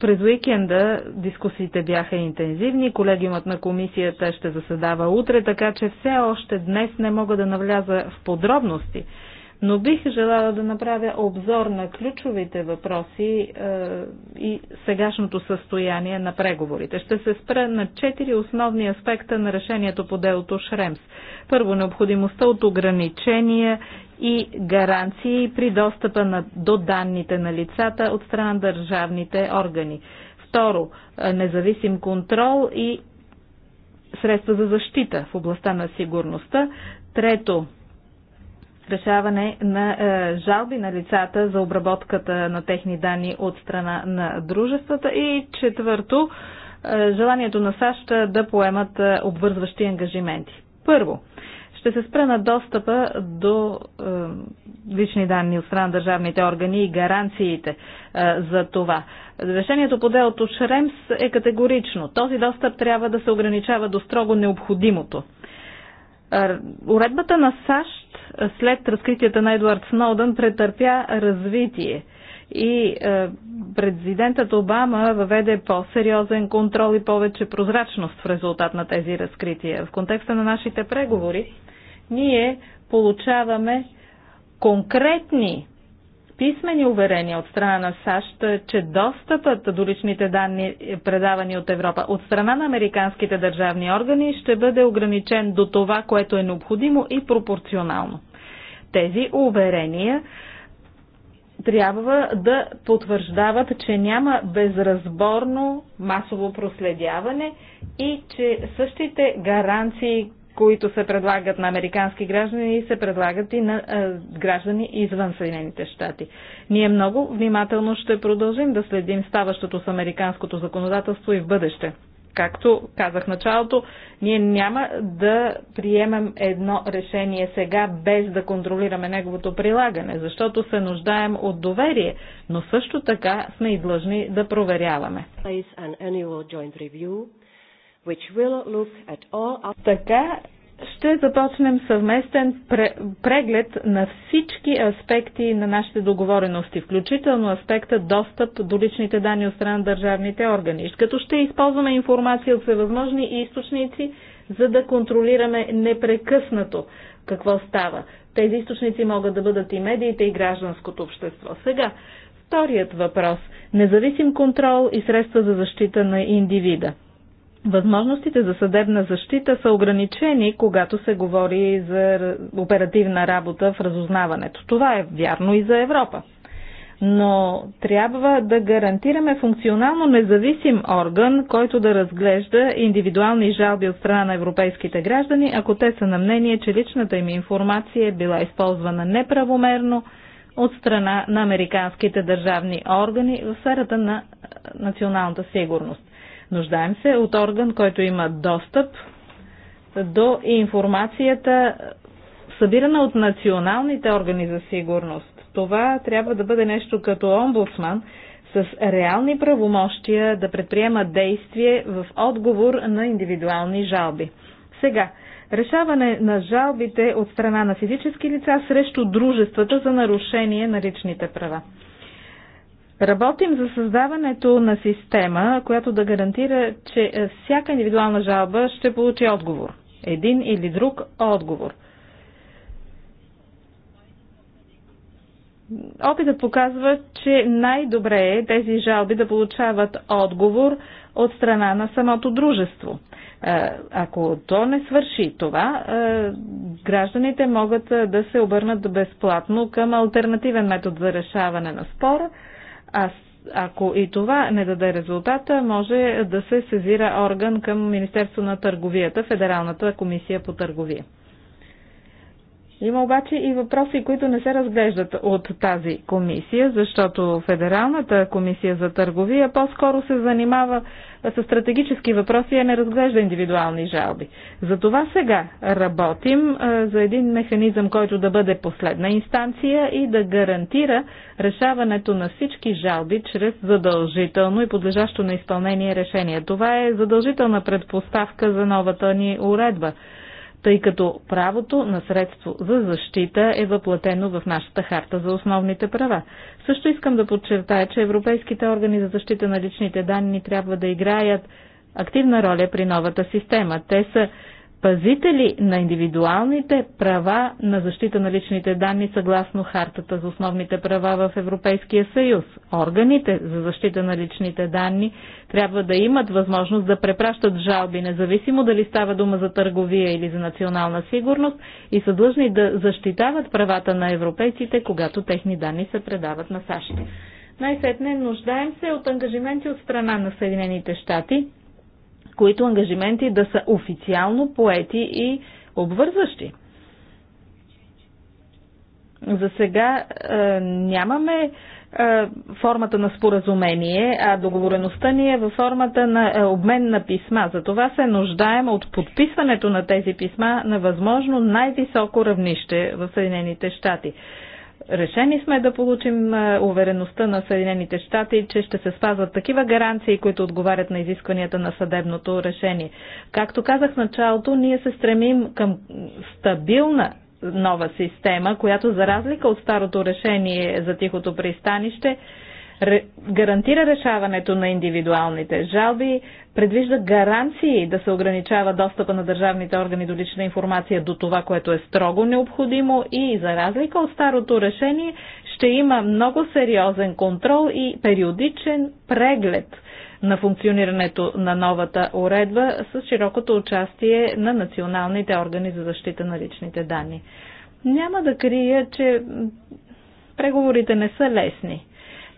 През уикенда дискусиите бяха интензивни, колегиумът на комисията ще заседава утре, така че все още днес не мога да навляза в подробности но бих желала да направя обзор на ключовите въпроси е, и сегашното състояние на преговорите. Ще се спра на четири основни аспекта на решението по делото Шремс. Първо, необходимостта от ограничения и гаранции при достъпа на, до данните на лицата от страна на държавните органи. Второ, е, независим контрол и средства за защита в областта на сигурността. Трето, решаване на е, жалби на лицата за обработката на техни данни от страна на дружествата. И четвърто, е, желанието на САЩ да поемат е, обвързващи ангажименти. Първо, ще се спра на достъпа до е, лични данни от страна на държавните органи и гаранциите е, за това. Решението по делото Шремс е категорично. Този достъп трябва да се ограничава до строго необходимото. Уредбата на САЩ след разкритията на Едуард Сноудън претърпя развитие и президентът Обама въведе по-сериозен контрол и повече прозрачност в резултат на тези разкрития. В контекста на нашите преговори ние получаваме конкретни писмени уверения от страна на САЩ, че достъпът до личните данни, предавани от Европа от страна на американските държавни органи, ще бъде ограничен до това, което е необходимо и пропорционално. Тези уверения трябва да потвърждават, че няма безразборно масово проследяване и че същите гаранции, които се предлагат на американски граждани и се предлагат и на граждани извън Съединените щати. Ние много внимателно ще продължим да следим ставащото с американското законодателство и в бъдеще. Както казах началото, ние няма да приемем едно решение сега без да контролираме неговото прилагане, защото се нуждаем от доверие, но също така сме и длъжни да проверяваме which will look at all... Така ще започнем съвместен преглед на всички аспекти на нашите договорености, включително аспекта достъп до личните данни от страна на държавните органи, като ще използваме информация от всевъзможни източници, за да контролираме непрекъснато какво става. Тези източници могат да бъдат и медиите, и гражданското общество. Сега, вторият въпрос – независим контрол и средства за защита на индивида. Възможностите за съдебна защита са ограничени, когато се говори за оперативна работа в разузнаването. Това е вярно и за Европа. Но трябва да гарантираме функционално независим орган, който да разглежда индивидуални жалби от страна на европейските граждани, ако те са на мнение, че личната им информация е била използвана неправомерно от страна на американските държавни органи в сферата на националната сигурност. Нуждаем се от орган, който има достъп до информацията, събирана от националните органи за сигурност. Това трябва да бъде нещо като омбудсман с реални правомощия да предприема действие в отговор на индивидуални жалби. Сега, решаване на жалбите от страна на физически лица срещу дружествата за нарушение на личните права. Работим за създаването на система, която да гарантира, че е, всяка индивидуална жалба ще получи отговор. Един или друг отговор. Опитът показва, че най-добре е тези жалби да получават отговор от страна на самото дружество. Е, ако то не свърши това, е, гражданите могат да се обърнат безплатно към альтернативен метод за решаване на спора – а ако и това не даде резултата, може да се сезира орган към Министерство на търговията, Федералната комисия по търговия. Има обаче и въпроси, които не се разглеждат от тази комисия, защото Федералната комисия за търговия по-скоро се занимава с стратегически въпроси, а не разглежда индивидуални жалби. Затова сега работим за един механизъм, който да бъде последна инстанция и да гарантира решаването на всички жалби чрез задължително и подлежащо на изпълнение решение. Това е задължителна предпоставка за новата ни уредба тъй като правото на средство за защита е въплатено в нашата харта за основните права. Също искам да подчертая, че европейските органи за защита на личните данни трябва да играят активна роля при новата система. Те са пазители на индивидуалните права на защита на личните данни съгласно Хартата за основните права в Европейския съюз. Органите за защита на личните данни трябва да имат възможност да препращат жалби, независимо дали става дума за търговия или за национална сигурност, и са длъжни да защитават правата на европейците, когато техни данни се предават на САЩ. Най-сетне нуждаем се от ангажименти от страна на Съединените щати които ангажименти да са официално поети и обвързващи. За сега е, нямаме е, формата на споразумение, а договореността ни е във формата на е, обмен на писма. Затова се нуждаем от подписването на тези писма на възможно най-високо равнище в Съединените щати. Решени сме да получим е, увереността на Съединените щати, че ще се спазват такива гаранции, които отговарят на изискванията на съдебното решение. Както казах в началото, ние се стремим към стабилна нова система, която за разлика от старото решение за тихото пристанище, гарантира решаването на индивидуалните жалби, предвижда гаранции да се ограничава достъпа на държавните органи до лична информация до това, което е строго необходимо и за разлика от старото решение ще има много сериозен контрол и периодичен преглед на функционирането на новата уредба с широкото участие на националните органи за защита на личните данни. Няма да крия, че преговорите не са лесни.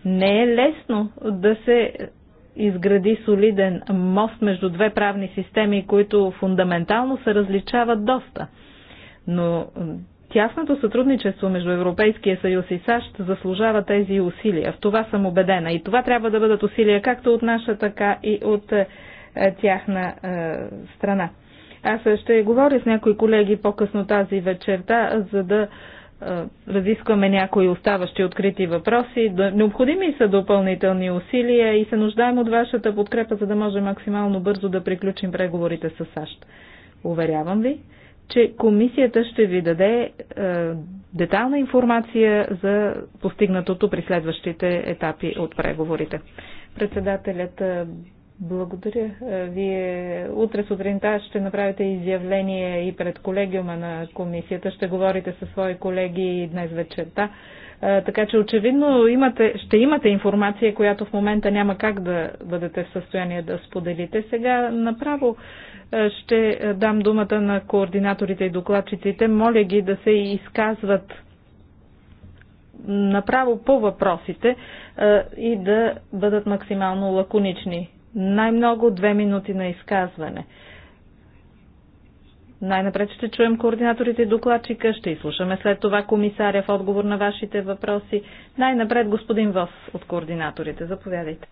Не е лесно да се изгради солиден мост между две правни системи, които фундаментално се различават доста. Но тясното сътрудничество между Европейския съюз и САЩ заслужава тези усилия. В това съм убедена. И това трябва да бъдат усилия както от наша, така и от е, е, тяхна е, страна. Аз ще говоря с някои колеги по-късно тази вечерта, за да е, разискваме някои оставащи открити въпроси. Необходими са допълнителни усилия и се нуждаем от вашата подкрепа, за да може максимално бързо да приключим преговорите с САЩ. Уверявам ви, че комисията ще ви даде е, детална информация за постигнатото при следващите етапи от преговорите. Председателят е, благодаря. Е, вие утре сутринта ще направите изявление и пред колегиума на комисията. Ще говорите със свои колеги днес вечерта. Е, така че очевидно имате, ще имате информация, която в момента няма как да бъдете в състояние да споделите. Сега направо е, ще дам думата на координаторите и докладчиците. Моля ги да се изказват направо по въпросите и да бъдат максимално лаконични най-много две минути на изказване. Най-напред ще чуем координаторите и докладчика, ще изслушаме след това комисаря в отговор на вашите въпроси. Най-напред господин Вос от координаторите. Заповядайте.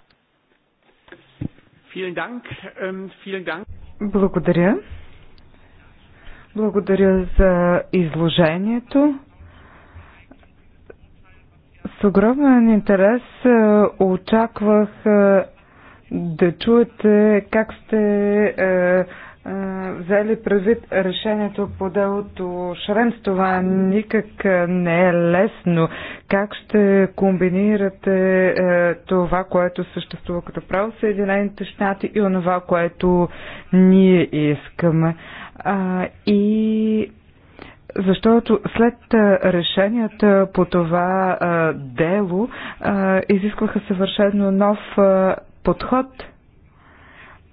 Ähm, Благодаря. Благодаря за изложението. С огромен интерес е, очаквах е, да чуете как сте е, е, взели предвид решението по делото Шренц. Това никак е, не е лесно. Как ще комбинирате е, това, което съществува като право в Съединените щати и онова, което ние искаме? А, и защото след е, решенията по това а, е, дело а, изискваха съвършено нов а, подход.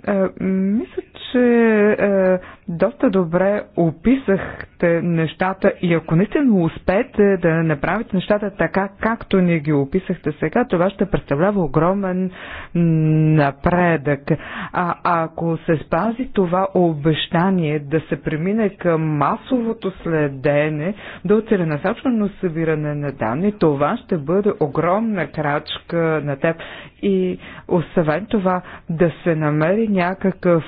Е, мисля, че е, доста добре описах направите нещата и ако наистина успеете да направите нещата така, както ни ги описахте сега, това ще представлява огромен напредък. А ако се спази това обещание да се премине към масовото следене, до целенасочено събиране на данни, това ще бъде огромна крачка на теб. И освен това да се намери някакъв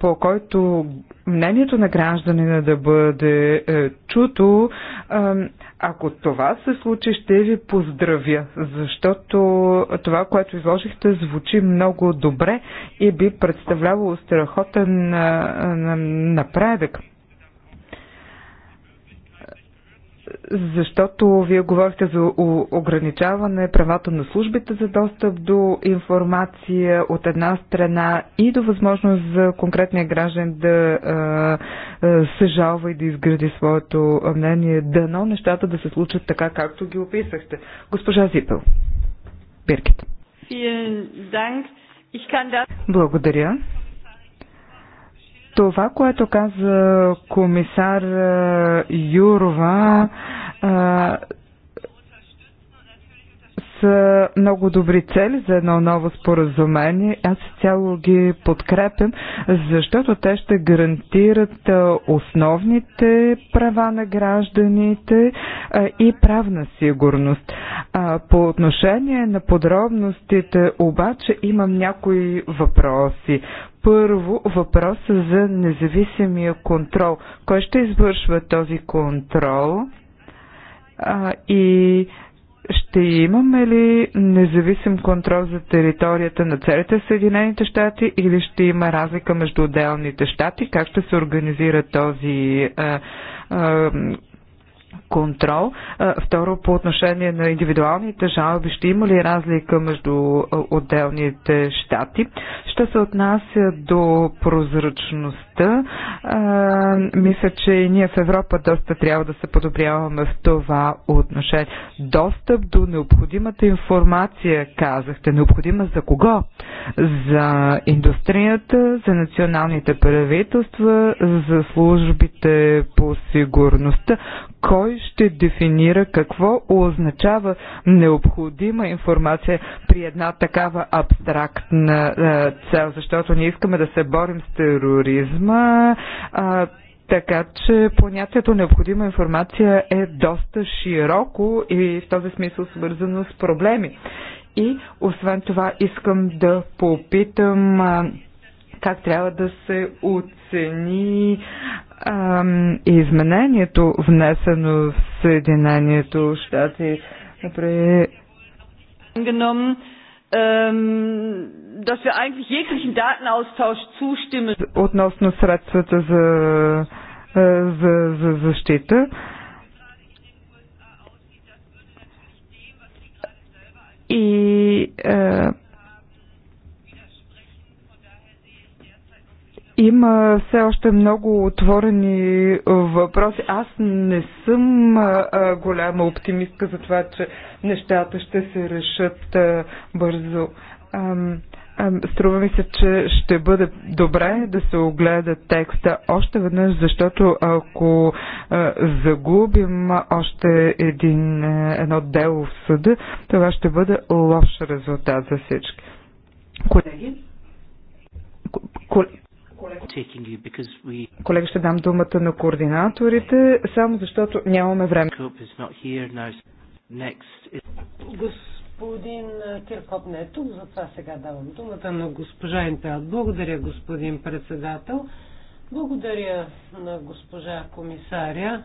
по който мнението на гражданина да бъде е, чуто, ако това се случи, ще ви поздравя, защото това, което изложихте, звучи много добре и би представлявало страхотен напредък. защото вие говорихте за ограничаване правата на службите за достъп до информация от една страна и до възможност за конкретния граждан да се жалва и да изгради своето мнение. Дано нещата да се случат така, както ги описахте. Госпожа Зипел. Биркет. Благодаря. Това, което каза комисар е, Юрова, е, са много добри цели за едно ново споразумение. Аз цяло ги подкрепям, защото те ще гарантират е, основните права на гражданите и правна сигурност. По отношение на подробностите обаче имам някои въпроси. Първо въпрос за независимия контрол. Кой ще извършва този контрол? А, и ще имаме ли независим контрол за територията на целите Съединените щати или ще има разлика между отделните щати? Как ще се организира този а, а, контрол. Второ, по отношение на индивидуалните жалби, ще има ли разлика между отделните щати? Ще се отнася до прозрачността. Мисля, че и ние в Европа доста трябва да се подобряваме в това отношение. Достъп до необходимата информация, казахте, необходима за кого? За индустрията, за националните правителства, за службите по сигурността. Кой кой ще дефинира какво означава необходима информация при една такава абстрактна е, цел, защото ние искаме да се борим с тероризма. Така че понятието необходима информация е доста широко и в този смисъл свързано с проблеми. И освен това искам да попитам как трябва да се оцени ам, изменението, внесено в Съединението щати. Относно средствата за, за, за защита. И е, Има все още много отворени въпроси. Аз не съм голяма оптимистка за това, че нещата ще се решат бързо. Струва ми се, че ще бъде добре да се огледа текста още веднъж, защото ако загубим още един, едно дело в съда, това ще бъде лош резултат за всички. Колеги? Колеги? Колега, ще дам думата на координаторите, само защото нямаме време. Господин Киркоп не е тук, затова сега давам думата на госпожа Интел. Благодаря, господин председател. Благодаря на госпожа комисаря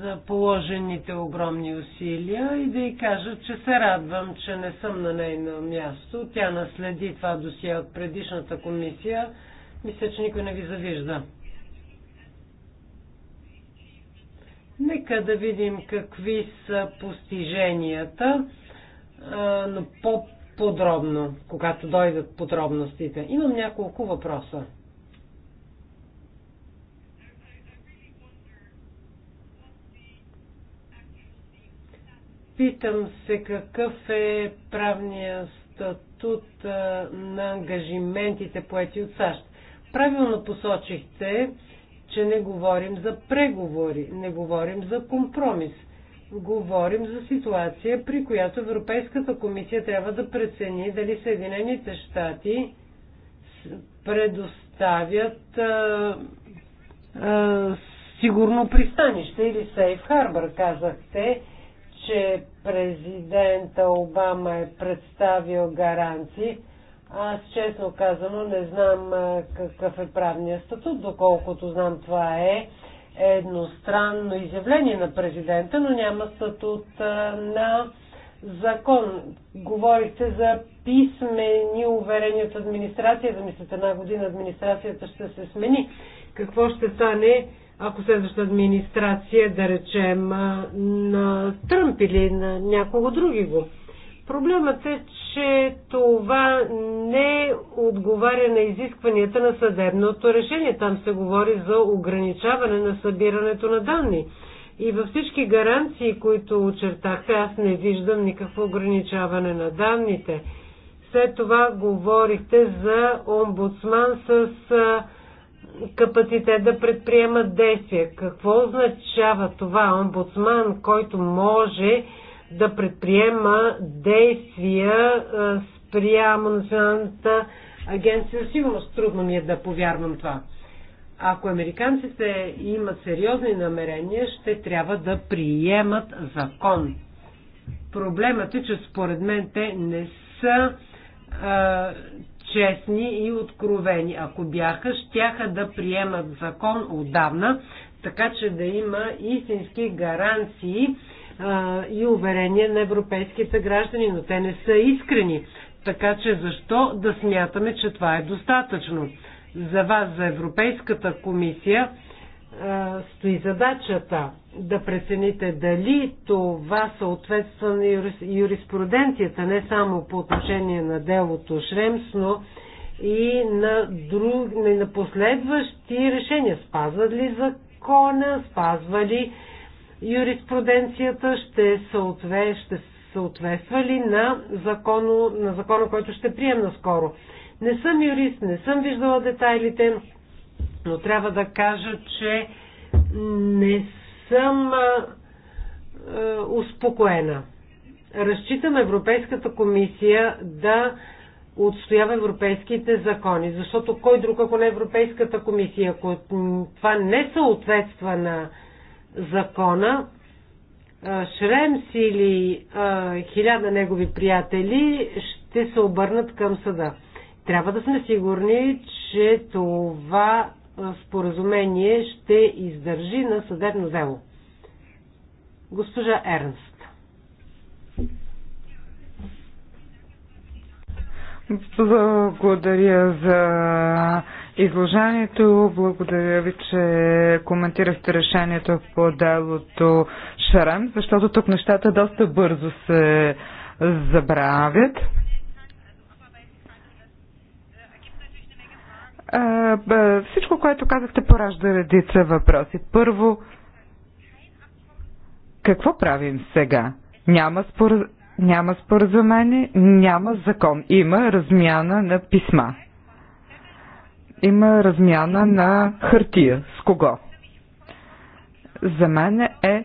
за положените огромни усилия и да й кажа, че се радвам, че не съм на нейно място. Тя наследи това досие от предишната комисия. Мисля, че никой не ви завижда. Нека да видим какви са постиженията, но по-подробно, когато дойдат подробностите. Имам няколко въпроса. Питам се какъв е правният статут на ангажиментите поети от САЩ. Правилно посочихте, че не говорим за преговори, не говорим за компромис. Говорим за ситуация, при която Европейската комисия трябва да прецени дали Съединените щати предоставят а, а, сигурно пристанище или сейф харбър, казахте че президента Обама е представил гаранции. Аз честно казано не знам какъв е правният статут, доколкото знам това е едностранно изявление на президента, но няма статут на закон. Говорихте за писмени уверения от администрацията. Мисля, една година администрацията ще се смени. Какво ще стане? ако следващата администрация, да речем, на Тръмп или на някого други го. Проблемът е, че това не отговаря на изискванията на съдебното решение. Там се говори за ограничаване на събирането на данни. И във всички гаранции, които очертахте, аз не виждам никакво ограничаване на данните. След това говорихте за омбудсман с капацитет да предприемат действия. Какво означава това? Омбудсман, който може да предприема действия спрямо Националната агенция за сигурност. Трудно ми е да повярвам това. Ако американците имат сериозни намерения, ще трябва да приемат закон. Проблемът е, че според мен те не са а, честни и откровени. Ако бяха, щяха да приемат закон отдавна, така че да има истински гаранции а, и уверения на европейските граждани, но те не са искрени. Така че защо да смятаме, че това е достатъчно? За вас, за Европейската комисия, а, стои задачата да прецените дали това съответства на юриспруденцията, не само по отношение на делото Шремс, но и на, друг, на последващи решения. Спазват ли закона, спазва ли юриспруденцията, ще, съотве, ще съответства ли на, закона, на закона, който ще прием наскоро. Не съм юрист, не съм виждала детайлите, но трябва да кажа, че не съм успокоена. Разчитам Европейската комисия да отстоява европейските закони, защото кой друг, ако не Европейската комисия, ако това не съответства на закона, Шремс или а, хиляда негови приятели ще се обърнат към съда. Трябва да сме сигурни, че това споразумение ще издържи на съдебно дело. Госпожа Ернст. Благодаря за изложението. Благодаря ви, че коментирахте решението по делото Шарам, защото тук нещата доста бързо се забравят. Всичко, което казахте, поражда редица въпроси. Първо, какво правим сега? Няма, спор... няма споразумение, няма закон. Има размяна на писма. Има размяна на хартия. С кого? За мен е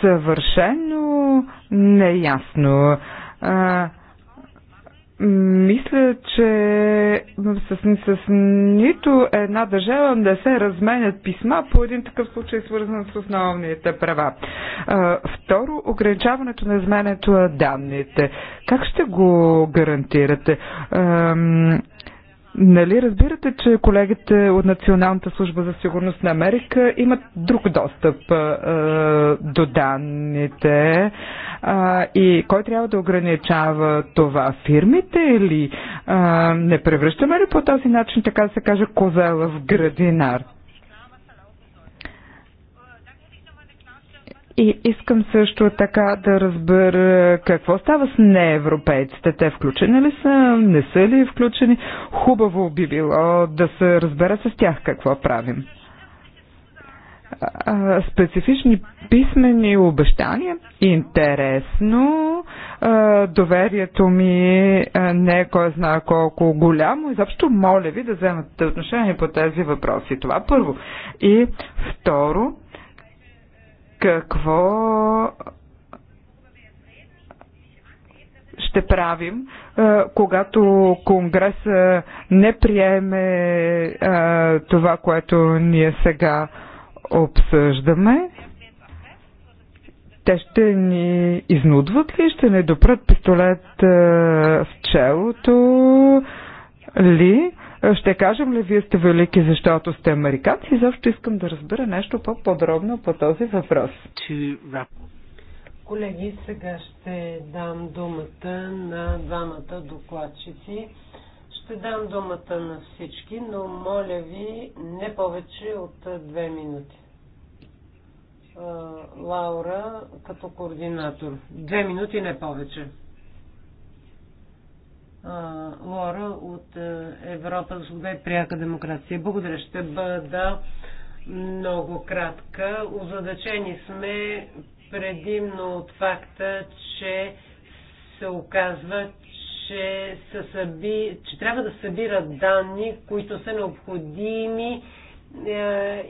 съвършено неясно. А, мисля, че с, с нито една държава не се разменят писма по един такъв случай, свързан с основните права. Второ, ограничаването на изменето на данните. Как ще го гарантирате? Нали разбирате, че колегите от Националната служба за сигурност на Америка имат друг достъп а, до данните а, и кой трябва да ограничава това? Фирмите или а, не превръщаме ли по този начин, така да се каже, козела в градинар? И искам също така да разбера какво става с неевропейците. Те включени ли са, не са ли включени? Хубаво би било да се разбера с тях какво правим. А, специфични писмени обещания. Интересно. А, доверието ми е, а, не е кой знае колко голямо. Изобщо моля ви да вземете отношение по тези въпроси. Това първо. И второ, какво ще правим, е, когато Конгрес е, не приеме е, това, което ние сега обсъждаме. Те ще ни изнудват ли, ще ни допрат пистолет в челото ли? Ще кажем ли, вие сте велики, защото сте американци? И защо искам да разбера нещо по-подробно по този въпрос. Колеги, сега ще дам думата на двамата докладчици. Ще дам думата на всички, но моля ви не повече от две минути. Лаура като координатор. Две минути, не повече. Лора от Европа за свобода и пряка демокрация. Благодаря. Ще бъда много кратка. Озадачени сме предимно от факта, че се оказва, че, се съби... че трябва да събират данни, които са необходими е,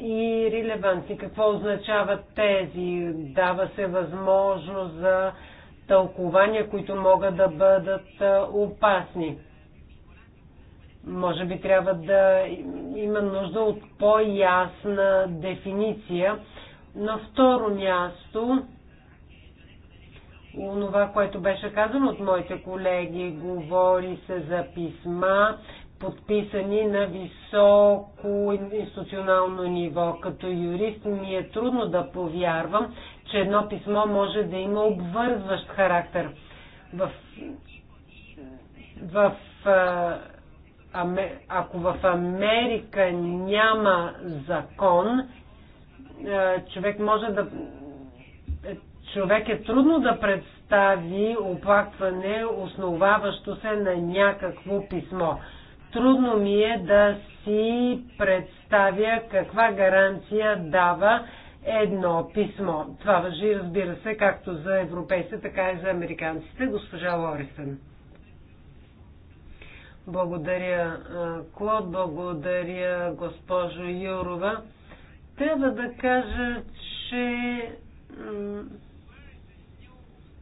и релевантни. Какво означават тези? Дава се възможност за тълкования, които могат да бъдат опасни. Може би трябва да има нужда от по-ясна дефиниция. На второ място, онова, което беше казано от моите колеги, говори се за писма, подписани на високо институционално ниво. Като юрист ми е трудно да повярвам, че едно писмо може да има обвързващ характер. В, в, ако в Америка няма закон, човек може да. Човек е трудно да представи оплакване, основаващо се на някакво писмо. Трудно ми е да си представя каква гаранция дава едно писмо. Това въжи, разбира се, както за европейците, така и за американците. Госпожа Лорисън. Благодаря, Клод, благодаря, госпожо Юрова. Трябва да кажа, че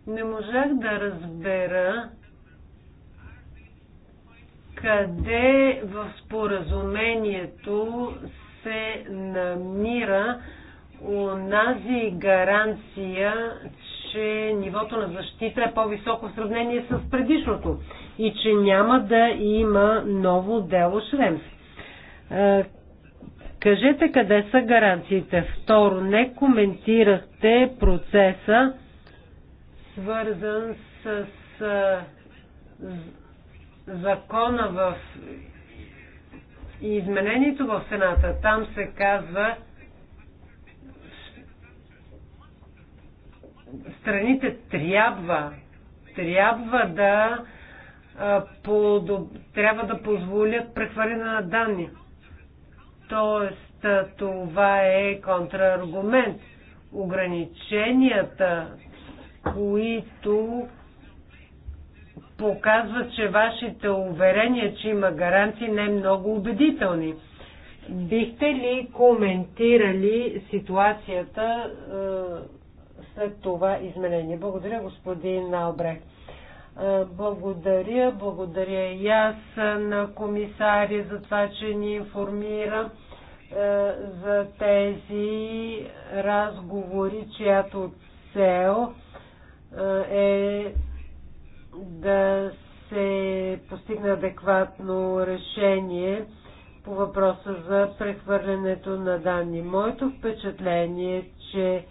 не можах да разбера къде в споразумението се намира онази гаранция, че нивото на защита е по-високо в сравнение с предишното и че няма да има ново дело Шремс. Е, кажете къде са гаранциите. Второ, не коментирахте процеса, свързан с, с закона в изменението в Сената. Там се казва, страните трябва, трябва да трябва да позволят прехвърляне на данни. Тоест, това е контраргумент. Ограниченията, които показват, че вашите уверения, че има гаранции, не е много убедителни. Бихте ли коментирали ситуацията след това изменение. Благодаря, господин Албрехт. Благодаря, благодаря и аз на комисари за това, че ни информира за тези разговори, чиято цел е да се постигне адекватно решение по въпроса за прехвърлянето на данни. Моето впечатление е, че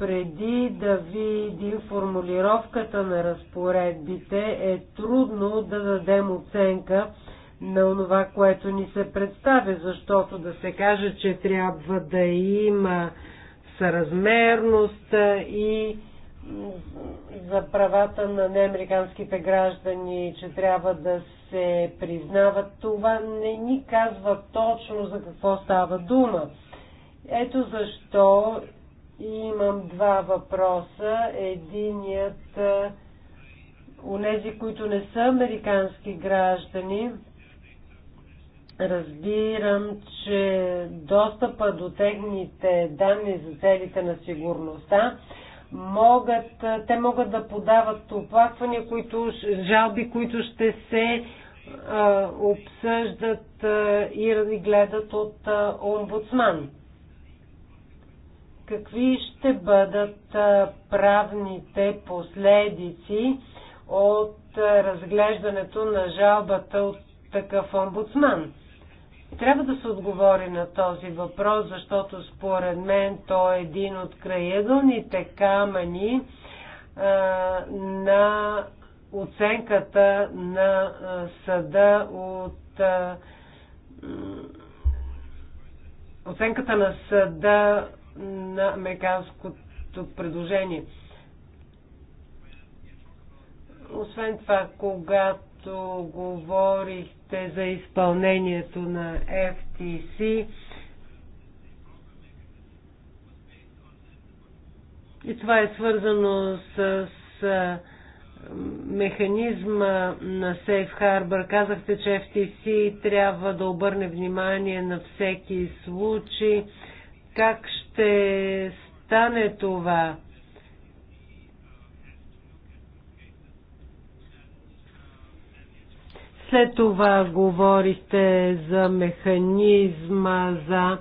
преди да видим формулировката на разпоредбите, е трудно да дадем оценка на това, което ни се представя, защото да се каже, че трябва да има съразмерност и за правата на неамериканските граждани, че трябва да се признават, това не ни казва точно за какво става дума. Ето защо Имам два въпроса. Единият е, Унези, които не са американски граждани, разбирам, че достъпа до техните данни за целите на сигурността могат, е, те могат да подават оплаквания, които, жалби, които ще се а, е, обсъждат а, и гледат от а, омбудсман какви ще бъдат правните последици от разглеждането на жалбата от такъв омбудсман. Трябва да се отговори на този въпрос, защото според мен той е един от краегълните камъни а, на оценката на а, съда от а, оценката на съда на американското предложение. Освен това, когато говорихте за изпълнението на FTC, и това е свързано с, механизма на Safe Harbor. Казахте, че FTC трябва да обърне внимание на всеки случай. Как ще стане това? След това говорите за механизма за,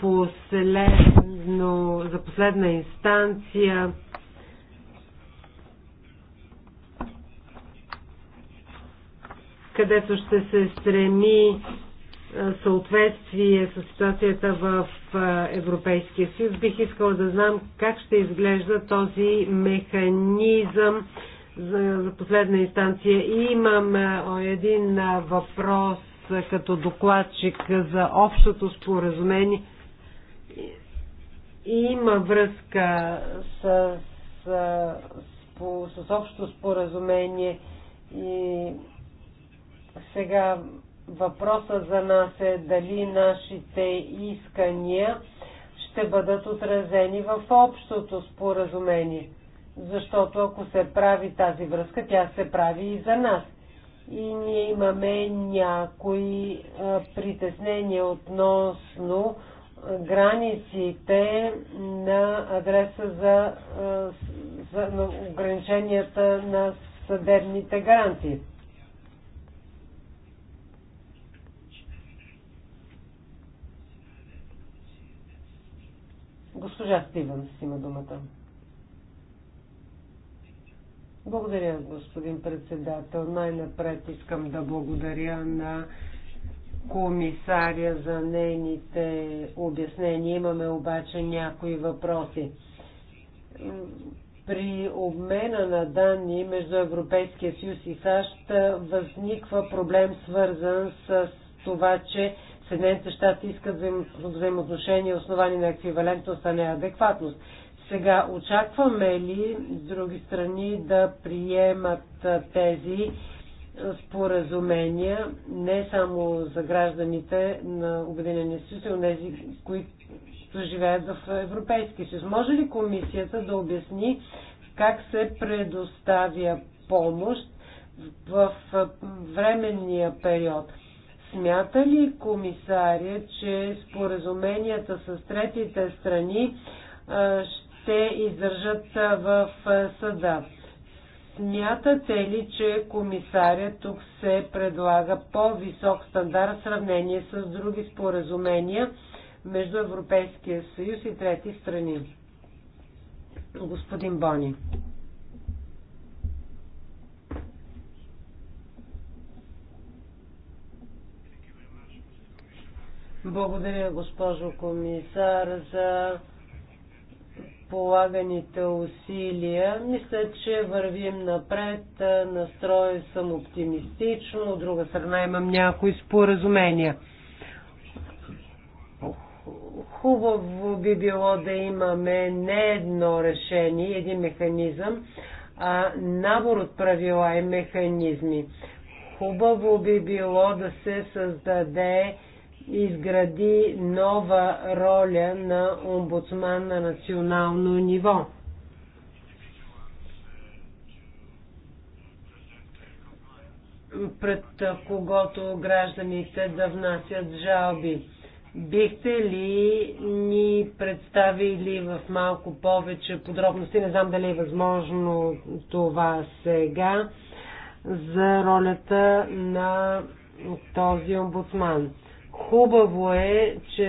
последно, за последна инстанция. където ще се стреми съответствие с ситуацията в Европейския съюз. Бих искала да знам как ще изглежда този механизъм за последна инстанция. Имам един въпрос като докладчик за общото споразумение. Има връзка с, с, с, с общото споразумение и сега Въпроса за нас е дали нашите искания ще бъдат отразени в общото споразумение. Защото ако се прави тази връзка, тя се прави и за нас. И ние имаме някои притеснения относно границите на адреса за, за на ограниченията на съдебните гарантии. Госпожа Стивенс има думата. Благодаря, господин председател. Най-напред искам да благодаря на комисаря за нейните обяснения. Имаме обаче някои въпроси. При обмена на данни между Европейския съюз и САЩ възниква проблем свързан с това, че Съединените щати искат взаимоотношения, основани на еквивалентност, а не адекватност. Сега очакваме ли други страни да приемат тези споразумения не само за гражданите на Обединения съюз, а тези, които живеят в Европейски съюз. Може ли комисията да обясни как се предоставя помощ в временния период? Смята ли комисаря, че споразуменията с третите страни ще издържат в съда? Смятате ли, че комисаря тук се предлага по-висок стандарт в сравнение с други споразумения между Европейския съюз и трети страни? Господин Бони. Благодаря, госпожо комисар, за полаганите усилия. Мисля, че вървим напред. Настрой съм оптимистично. От друга страна имам някои споразумения. Хубаво би било да имаме не едно решение, един механизъм, а набор от правила и механизми. Хубаво би било да се създаде изгради нова роля на омбудсман на национално ниво. пред когото гражданите да внасят жалби. Бихте ли ни представили в малко повече подробности, не знам дали е възможно това сега, за ролята на този омбудсман? Хубаво е, че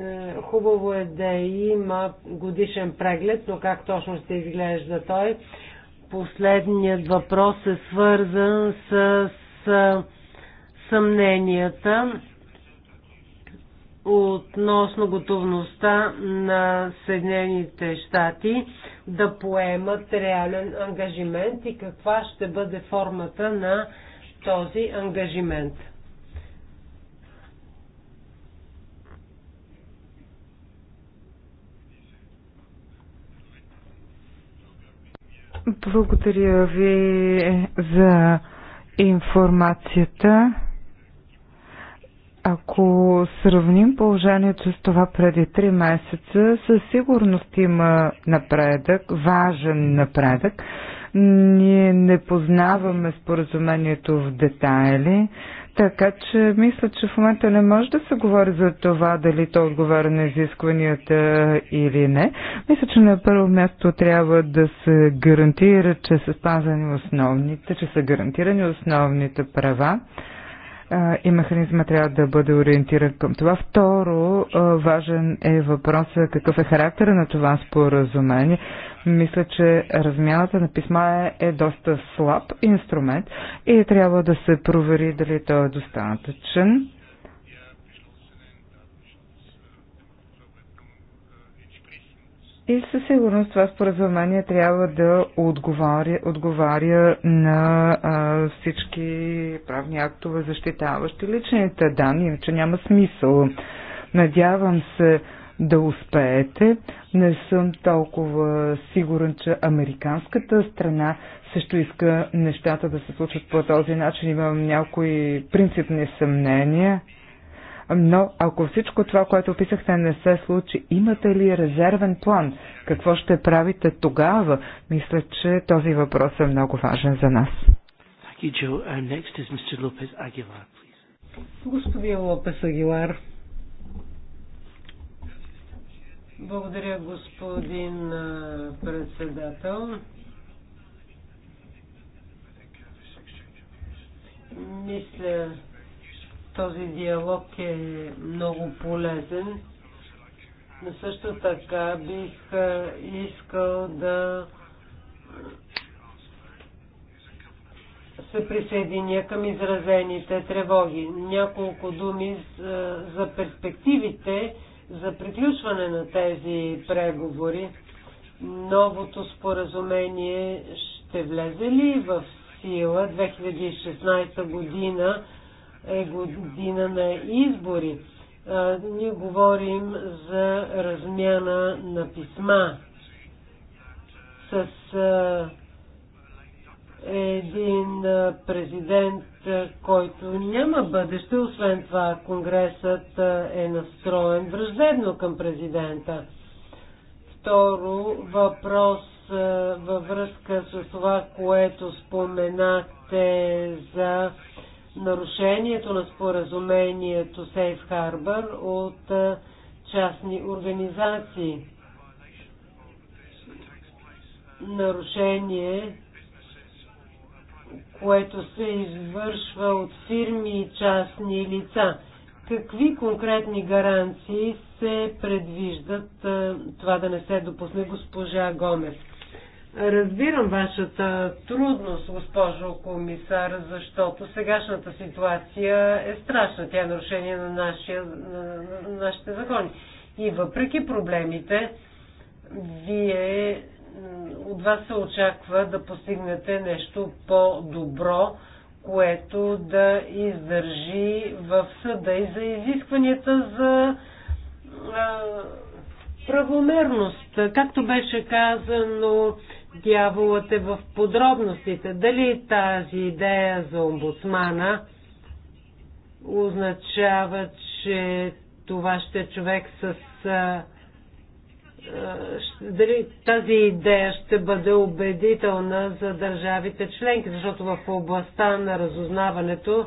е, хубаво е да има годишен преглед, но как точно ще изглежда той? Последният въпрос е свързан с, с съмненията относно готовността на Съединените щати да поемат реален ангажимент и каква ще бъде формата на този ангажимент. Благодаря ви за информацията. Ако сравним положението с това преди 3 месеца, със сигурност има напредък, важен напредък. Ние не познаваме споразумението в детайли, така че мисля, че в момента не може да се говори за това дали то отговаря на изискванията или не. Мисля, че на първо място трябва да се гарантира, че са спазани основните, че са гарантирани основните права и механизма трябва да бъде ориентиран към това. Второ, важен е въпросът какъв е характера на това споразумение. Мисля, че размяната на писма е, е доста слаб инструмент и трябва да се провери дали той е достатъчен. И със сигурност това споразумение трябва да отговаря, отговаря на а, всички правни актове, защитаващи личните данни, че няма смисъл. Надявам се, да успеете. Не съм толкова сигурен, че американската страна също иска нещата да се случат по този начин. Имам някои принципни съмнения. Но ако всичко това, което описахте, не се случи, имате ли резервен план? Какво ще правите тогава? Мисля, че този въпрос е много важен за нас. Господин Лопес Агилар. Благодаря, господин председател. Мисля, този диалог е много полезен. Но също така бих искал да се присъединя към изразените тревоги. Няколко думи за перспективите за приключване на тези преговори. Новото споразумение ще влезе ли в сила 2016 година е година на избори. Ние говорим за размяна на писма с един президент, който няма бъдеще. Освен това, Конгресът е настроен враждебно към президента. Второ, въпрос във връзка с това, което споменахте за нарушението на споразумението Safe Harbor от частни организации. Нарушение което се извършва от фирми и частни лица. Какви конкретни гаранции се предвиждат това да не се допусне госпожа Гомес? Разбирам вашата трудност, госпожо комисар, защото сегашната ситуация е страшна. Тя е нарушение на, нашия, на, на нашите закони. И въпреки проблемите, вие от вас се очаква да постигнете нещо по-добро, което да издържи в съда и за изискванията за а, правомерност. Както беше казано, дяволът е в подробностите. Дали тази идея за омбудсмана означава, че това ще е човек с а, е, дали тази идея ще бъде убедителна за държавите членки, защото в областта на разузнаването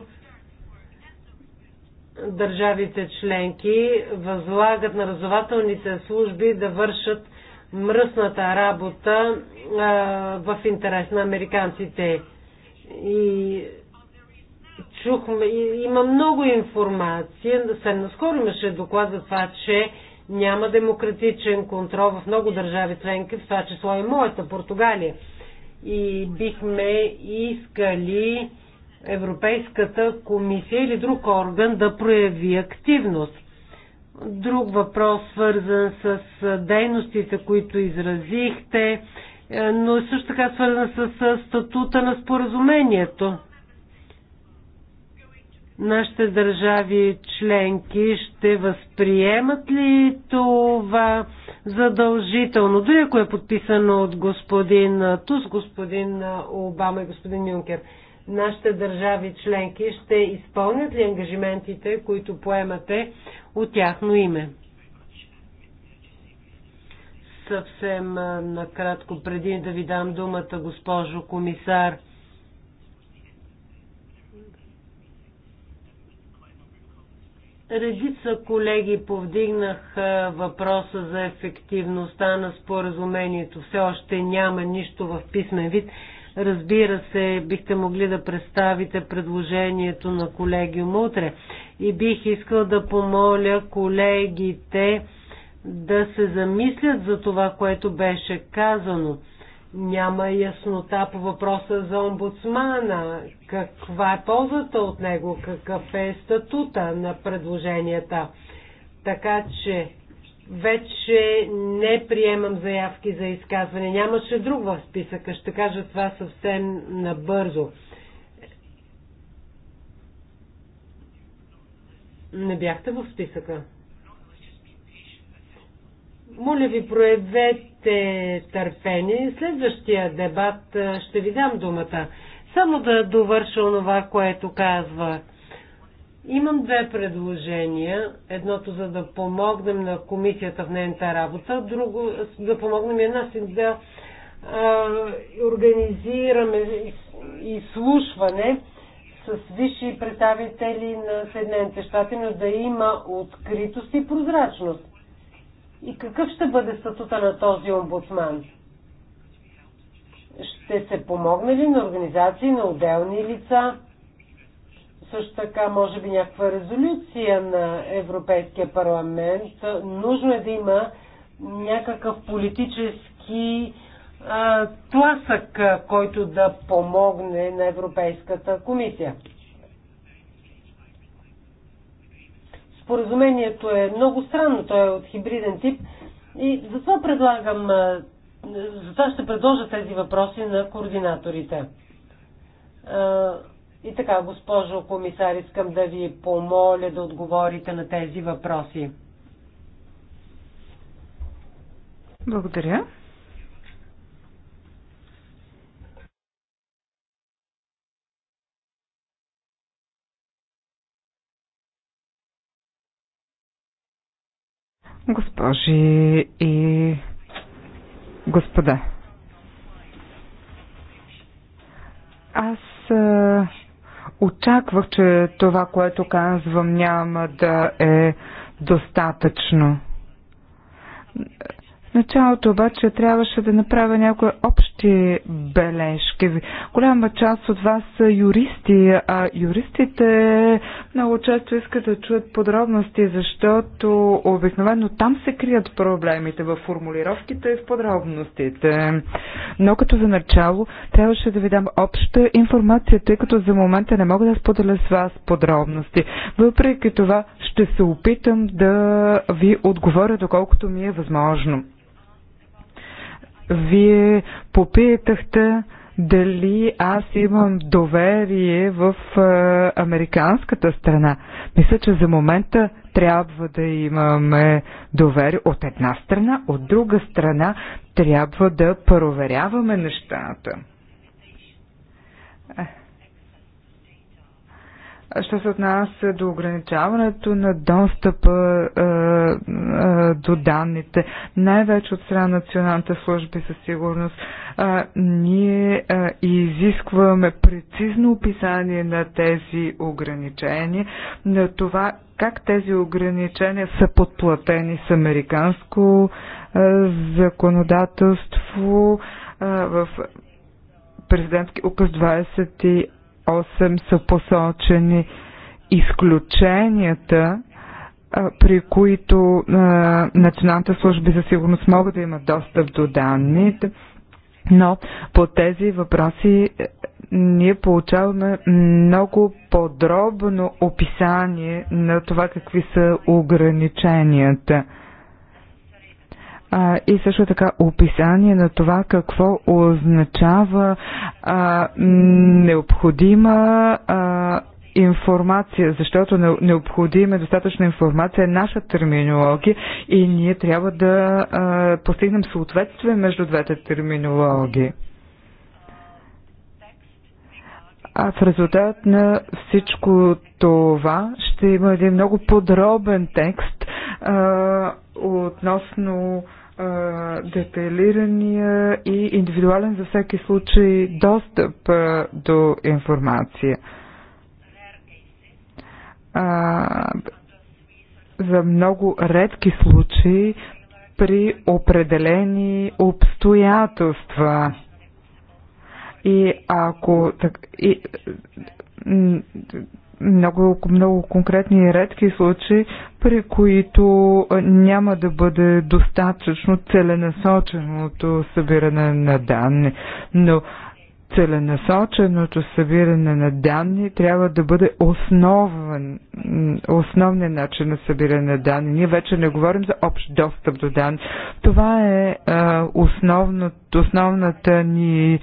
държавите членки възлагат на разователните служби да вършат мръсната работа а, е, в интерес на американците. И чухме, и, има много информация. Съвсем наскоро имаше доклад за това, че няма демократичен контрол в много държави членки, в това число и моята, Португалия. И бихме искали Европейската комисия или друг орган да прояви активност. Друг въпрос, свързан с дейностите, които изразихте, е, но също така свързан с статута на споразумението нашите държави членки ще възприемат ли това задължително, дори ако е подписано от господин Тус, господин Обама и господин Юнкер? Нашите държави членки ще изпълнят ли ангажиментите, които поемате от тяхно име? Съвсем накратко, преди да ви дам думата, госпожо комисар, Редица колеги повдигнах въпроса за ефективността на споразумението. Все още няма нищо в писмен вид. Разбира се, бихте могли да представите предложението на колеги утре. И бих искал да помоля колегите да се замислят за това, което беше казано – няма яснота по въпроса за омбудсмана. Каква е ползата от него? Какъв е статута на предложенията? Така че вече не приемам заявки за изказване. Нямаше друг в списъка. Ще кажа това съвсем набързо. Не бяхте в списъка. Моля ви, проявете търпение. Следващия дебат ще ви дам думата. Само да довърша онова, което казва. Имам две предложения. Едното за да помогнем на комисията в нейната работа, друго да помогнем една си да а, организираме изслушване с висши представители на Съединените щати, но да има откритост и прозрачност. И какъв ще бъде статута на този омбудсман? Ще се помогне ли на организации, на отделни лица? Също така, може би някаква резолюция на Европейския парламент. Нужно е да има някакъв политически а, тласък, който да помогне на Европейската комисия. Споразумението е много странно, то е от хибриден тип и затова предлагам, затова ще предложа тези въпроси на координаторите. И така, госпожо комисар, искам да ви помоля да отговорите на тези въпроси. Благодаря. госпожи и господа. Аз а, е, очаквах, че това, което казвам, няма да е достатъчно началото обаче трябваше да направя някои общи бележки. Голяма част от вас са юристи, а юристите много често искат да чуят подробности, защото обикновено там се крият проблемите в формулировките и в подробностите. Но като за начало трябваше да ви дам обща информация, тъй като за момента не мога да споделя с вас подробности. Въпреки това ще се опитам да ви отговоря доколкото ми е възможно. Вие попитахте дали аз имам доверие в а, американската страна. Мисля, че за момента трябва да имаме доверие от една страна, от друга страна трябва да проверяваме нещата. Що се отнася до ограничаването на достъпа а, е, а, е, до данните, най-вече от страна Националната националните служби за сигурност, а, е, ние а, изискваме прецизно описание на тези ограничения, на това как тези ограничения са подплатени с американско а, законодателство а, в президентски указ 8 са посочени изключенията, при които Националната служби за сигурност могат да имат достъп до данните, но по тези въпроси е, ние получаваме много подробно описание на това какви са ограниченията а, и също така описание на това какво означава а, необходима а, информация, защото необходима е достатъчна информация, е наша терминология и ние трябва да а, постигнем съответствие между двете терминологии. А в резултат на всичко това ще има един много подробен текст а, относно детайлирания и индивидуален за всеки случай достъп до информация. За много редки случаи при определени обстоятелства. И ако и, много, много конкретни и редки случаи, при които няма да бъде достатъчно целенасоченото събиране на данни. Но целенасоченото събиране на данни трябва да бъде основен, основният начин на събиране на данни. Ние вече не говорим за общ достъп до данни. Това е основно, основната ни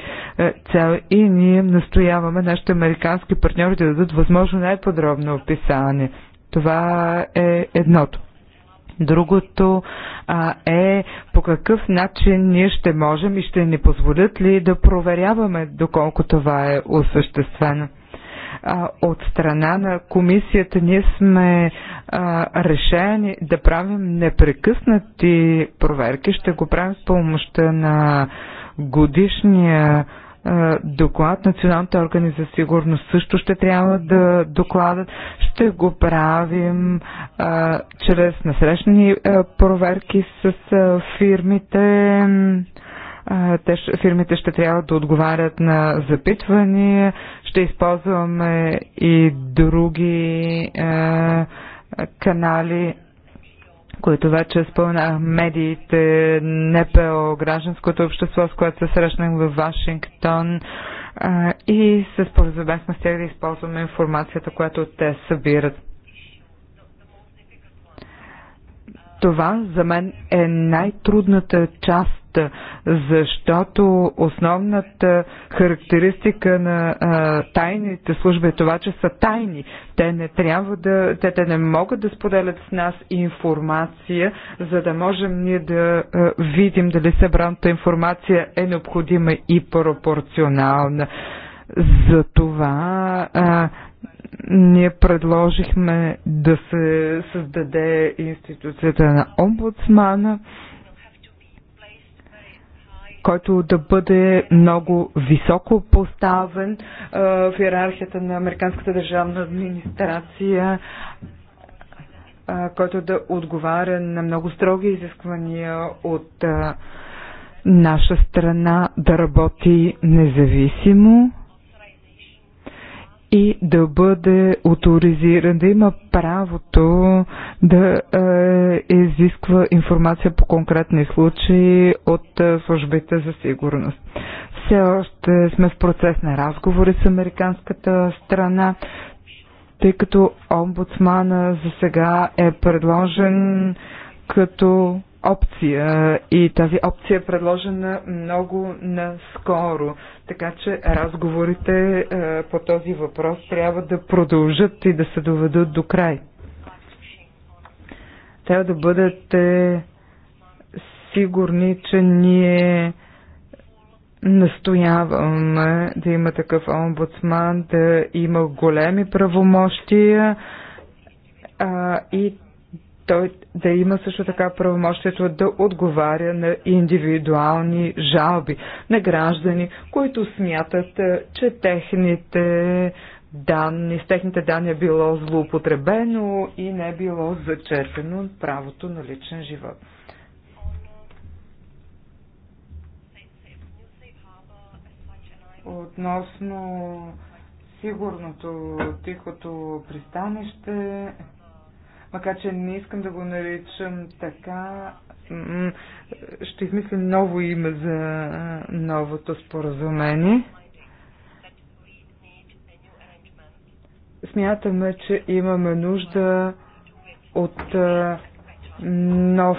цел и ние настояваме нашите американски партньори да дадат възможно най-подробно описание. Това е едното. Другото а, е по какъв начин ние ще можем и ще ни позволят ли да проверяваме доколко това е осъществено от страна на комисията ние сме а, решени да правим непрекъснати проверки. Ще го правим с помощта на годишния доклад. Националните органи за сигурност също ще трябва да докладат. Ще го правим а, чрез насрещни а, проверки с а, фирмите те, фирмите ще трябва да отговарят на запитвания, ще използваме и други а, канали които вече спълнах медиите, НПО, гражданското общество, с което се срещнах в Вашингтон и се споразумяхме с тях да използваме информацията, която те събират. Това за мен е най-трудната част, защото основната характеристика на а, тайните служби е това, че са тайни. Те не трябва да, те, те не могат да споделят с нас информация, за да можем ние да а, видим дали събраната информация е необходима и пропорционална. Затова а, ние предложихме да се създаде институцията на омбудсмана, който да бъде много високо поставен в иерархията на Американската държавна администрация, който да отговаря на много строги изисквания от наша страна да работи независимо и да бъде авторизиран, да има правото да е, изисква информация по конкретни случаи от е, службите за сигурност. Все още сме в процес на разговори с американската страна, тъй като омбудсмана за сега е предложен като опция и тази опция е предложена много наскоро. Така че разговорите е, по този въпрос трябва да продължат и да се доведат до край. Трябва да бъдете сигурни, че ние настояваме да има такъв омбудсман, да има големи правомощия а, и той да има също така правомощието да отговаря на индивидуални жалби на граждани, които смятат, е, че техните данни, с техните данни е било злоупотребено и не е било зачерпено правото на личен живот. Относно сигурното тихото пристанище, макар че не искам да го наричам така, ще измислим ново име за новото споразумение. Смятаме, че имаме нужда от нов,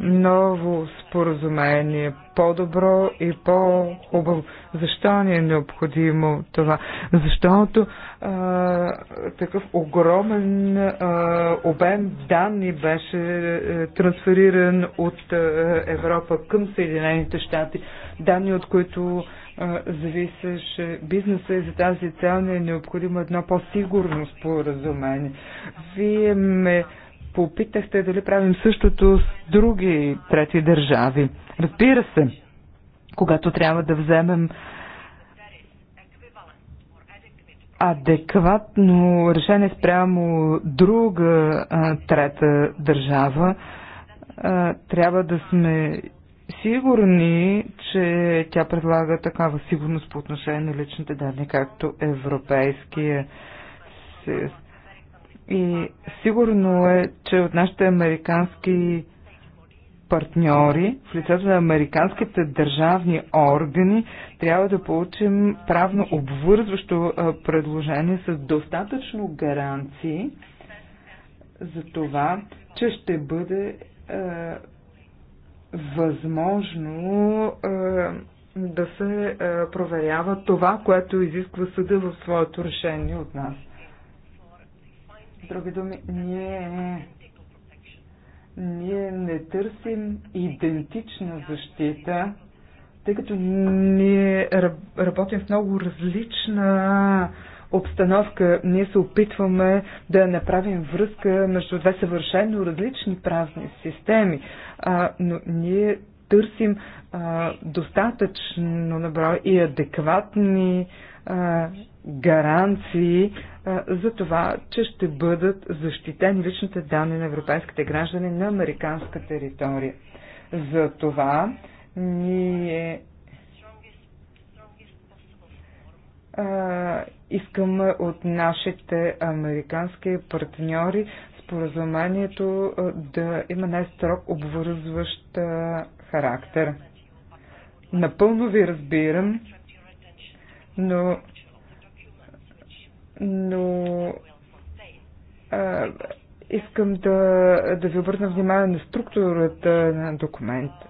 ново споразумение, по-добро и по-хубаво. Защо ни е необходимо това? Защото а, такъв огромен а, обем данни беше а, е, трансфериран от а, е, Европа към Съединените щати. Данни, от които а, зависеше бизнеса и за тази цел ни е необходимо едно по-сигурно споразумение. Вие ме попитахте дали правим същото с други трети държави. Разбира се, когато трябва да вземем адекватно решение спрямо друга а, трета държава, а, трябва да сме сигурни, че тя предлага такава сигурност по отношение на личните данни, както Европейския съюз. И сигурно е, че от нашите американски партньори в лицето на американските държавни органи трябва да получим правно обвързващо предложение с достатъчно гаранции за това, че ще бъде е, възможно е, да се е, проверява това, което изисква съда в своето решение от нас други думи, ние, ние не търсим идентична защита, тъй като ние работим в много различна обстановка. Ние се опитваме да направим връзка между две съвършено различни празни системи, а, но ние търсим а, достатъчно наброй и адекватни а, гаранции за това, че ще бъдат защитени личните данни на европейските граждани на американска територия. За това ние искаме от нашите американски партньори споразумението да има най-строг обвързващ характер. Напълно ви разбирам, но но а, искам да, да ви обърна внимание на структурата на документа.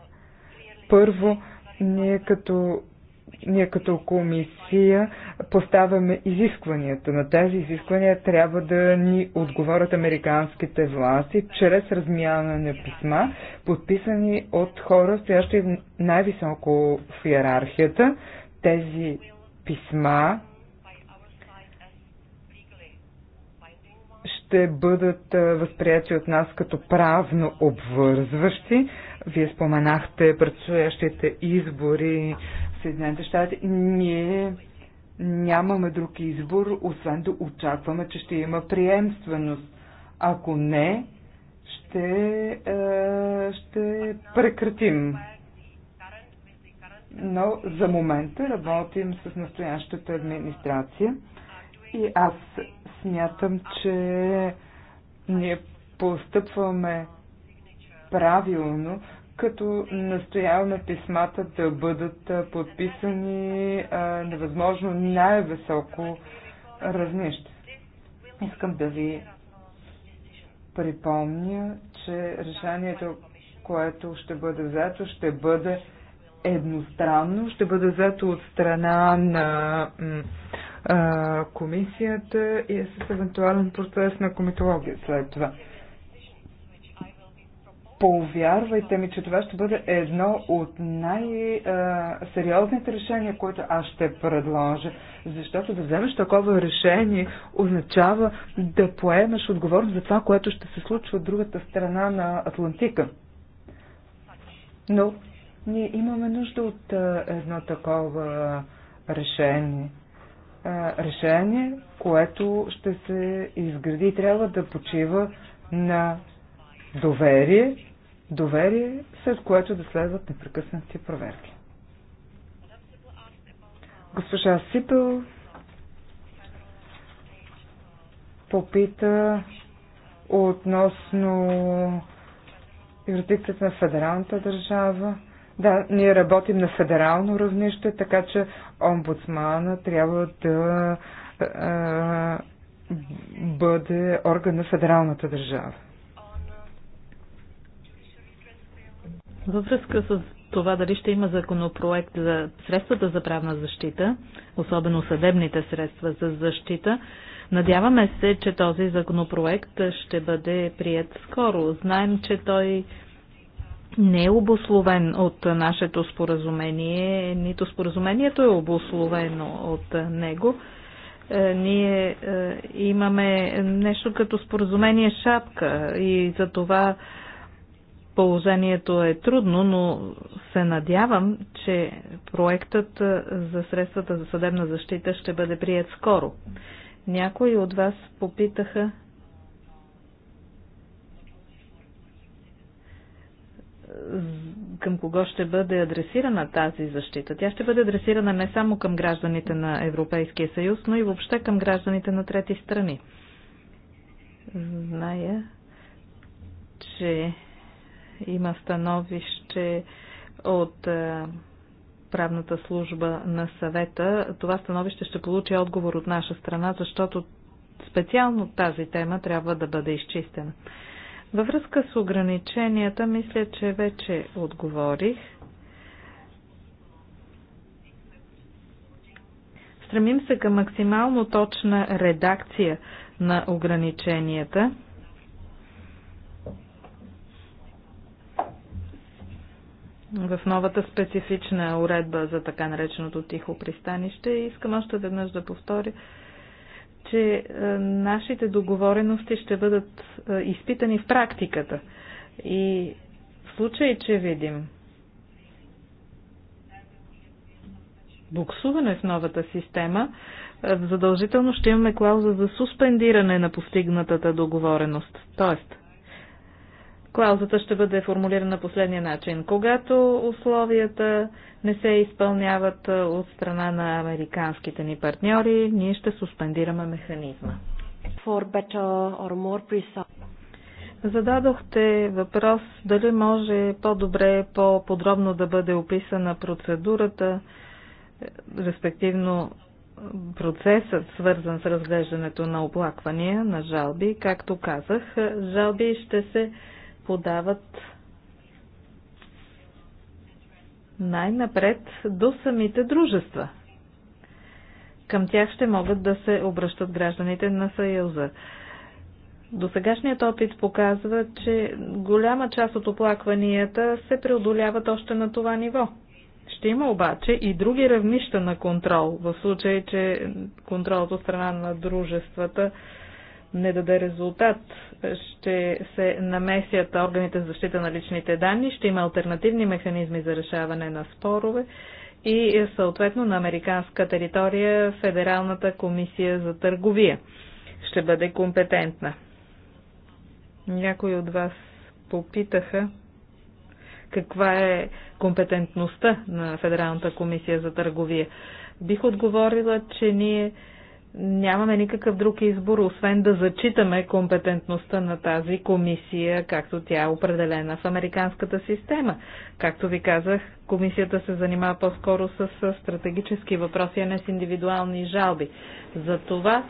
Първо, ние като, ние като комисия поставяме изискванията. На тези изисквания трябва да ни отговорят американските власти чрез размяна на писма, подписани от хора, стоящи най-високо в иерархията. Тези писма ще бъдат възприяти от нас като правно обвързващи. Вие споменахте предстоящите избори в Съединените щати. Ние нямаме друг избор, освен да очакваме, че ще има приемственост. Ако не, ще, ще прекратим. Но за момента работим с настоящата администрация и аз смятам, че ние постъпваме правилно, като настояваме писмата да бъдат подписани невъзможно най-високо разнище. Искам да ви припомня, че решението, което ще бъде взето, ще бъде едностранно, ще бъде взето от страна на а, комисията и е с евентуален процес на комитология след това. Повярвайте ми, че това ще бъде едно от най-сериозните решения, които аз ще предложа. Защото да вземеш такова решение означава да поемеш отговорност за това, което ще се случва от другата страна на Атлантика. Но ние имаме нужда от едно такова решение решение, което ще се изгради и трябва да почива на доверие, доверие, след което да следват непрекъснати проверки. Госпожа Сипел попита относно юрисдикцията на федералната държава. Да, ние работим на федерално равнище, така че омбудсмана трябва да а, бъде орган на федералната държава. Във връзка с това дали ще има законопроект за средствата за правна защита, особено съдебните средства за защита, надяваме се, че този законопроект ще бъде прият скоро. Знаем, че той не е обословен от нашето споразумение, нито споразумението е обословено от него. Е, ние е, имаме нещо като споразумение шапка и за това положението е трудно, но се надявам, че проектът е, за средствата за съдебна защита ще бъде прият скоро. Някои от вас попитаха към кого ще бъде адресирана тази защита. Тя ще бъде адресирана не само към гражданите на Европейския съюз, но и въобще към гражданите на трети страни. Зная, че има становище от е, правната служба на съвета. Това становище ще получи отговор от наша страна, защото специално тази тема трябва да бъде изчистена. Във връзка с ограниченията, мисля, че вече отговорих. Стремим се към максимално точна редакция на ограниченията. в новата специфична уредба за така нареченото тихо пристанище. Искам още веднъж да повторя, че е, нашите договорености ще бъдат е, изпитани в практиката. И в случай, че видим буксуване в новата система, е, задължително ще имаме клауза за суспендиране на постигнатата договореност. Тоест, Клаузата ще бъде формулирана последния начин. Когато условията не се изпълняват от страна на американските ни партньори, ние ще суспендираме механизма. Зададохте въпрос дали може по-добре, по-подробно да бъде описана процедурата, респективно процесът, свързан с разглеждането на оплаквания, на жалби. Както казах, жалби ще се подават най-напред до самите дружества. Към тях ще могат да се обръщат гражданите на Съюза. Досегашният опит показва, че голяма част от оплакванията се преодоляват още на това ниво. Ще има обаче и други равнища на контрол, в случай, че контролът от страна на дружествата не даде резултат, ще се намесят органите за защита на личните данни, ще има альтернативни механизми за решаване на спорове и съответно на американска територия Федералната комисия за търговия ще бъде компетентна. Някои от вас попитаха каква е компетентността на Федералната комисия за търговия. Бих отговорила, че ние нямаме никакъв друг избор, освен да зачитаме компетентността на тази комисия, както тя е определена в американската система. Както ви казах, комисията се занимава по-скоро с стратегически въпроси, а не с индивидуални жалби. За това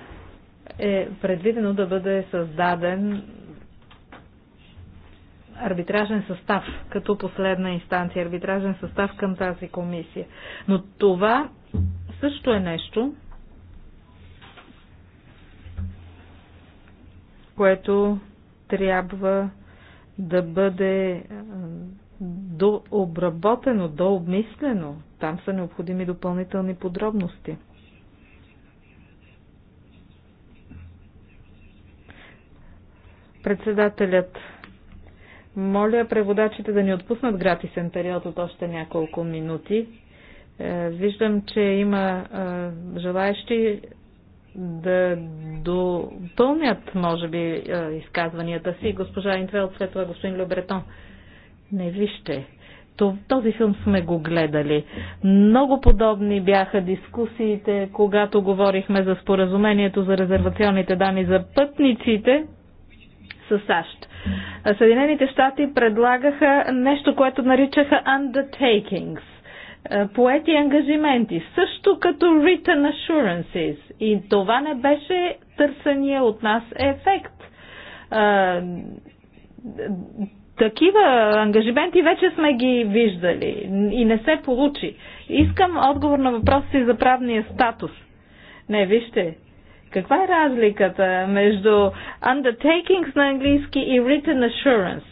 е предвидено да бъде създаден арбитражен състав, като последна инстанция, арбитражен състав към тази комисия. Но това също е нещо, което трябва да бъде дообработено, дообмислено. Там са необходими допълнителни подробности. Председателят моля преводачите да ни отпуснат гратисен период от още няколко минути. Е, виждам, че има е, желаящи да допълнят, може би, е, изказванията си. Госпожа Интвел, след това господин Любретон. Не вижте. Този филм сме го гледали. Много подобни бяха дискусиите, когато говорихме за споразумението за резервационните данни за пътниците с САЩ. Съединените щати предлагаха нещо, което наричаха undertakings е, поети ангажименти, също като written assurances. И това не беше търсения от нас ефект. А, е, такива ангажименти вече сме ги виждали и не се получи. Искам отговор на въпроса си за правния статус. Не, вижте, каква е разликата между undertakings на английски и written assurance?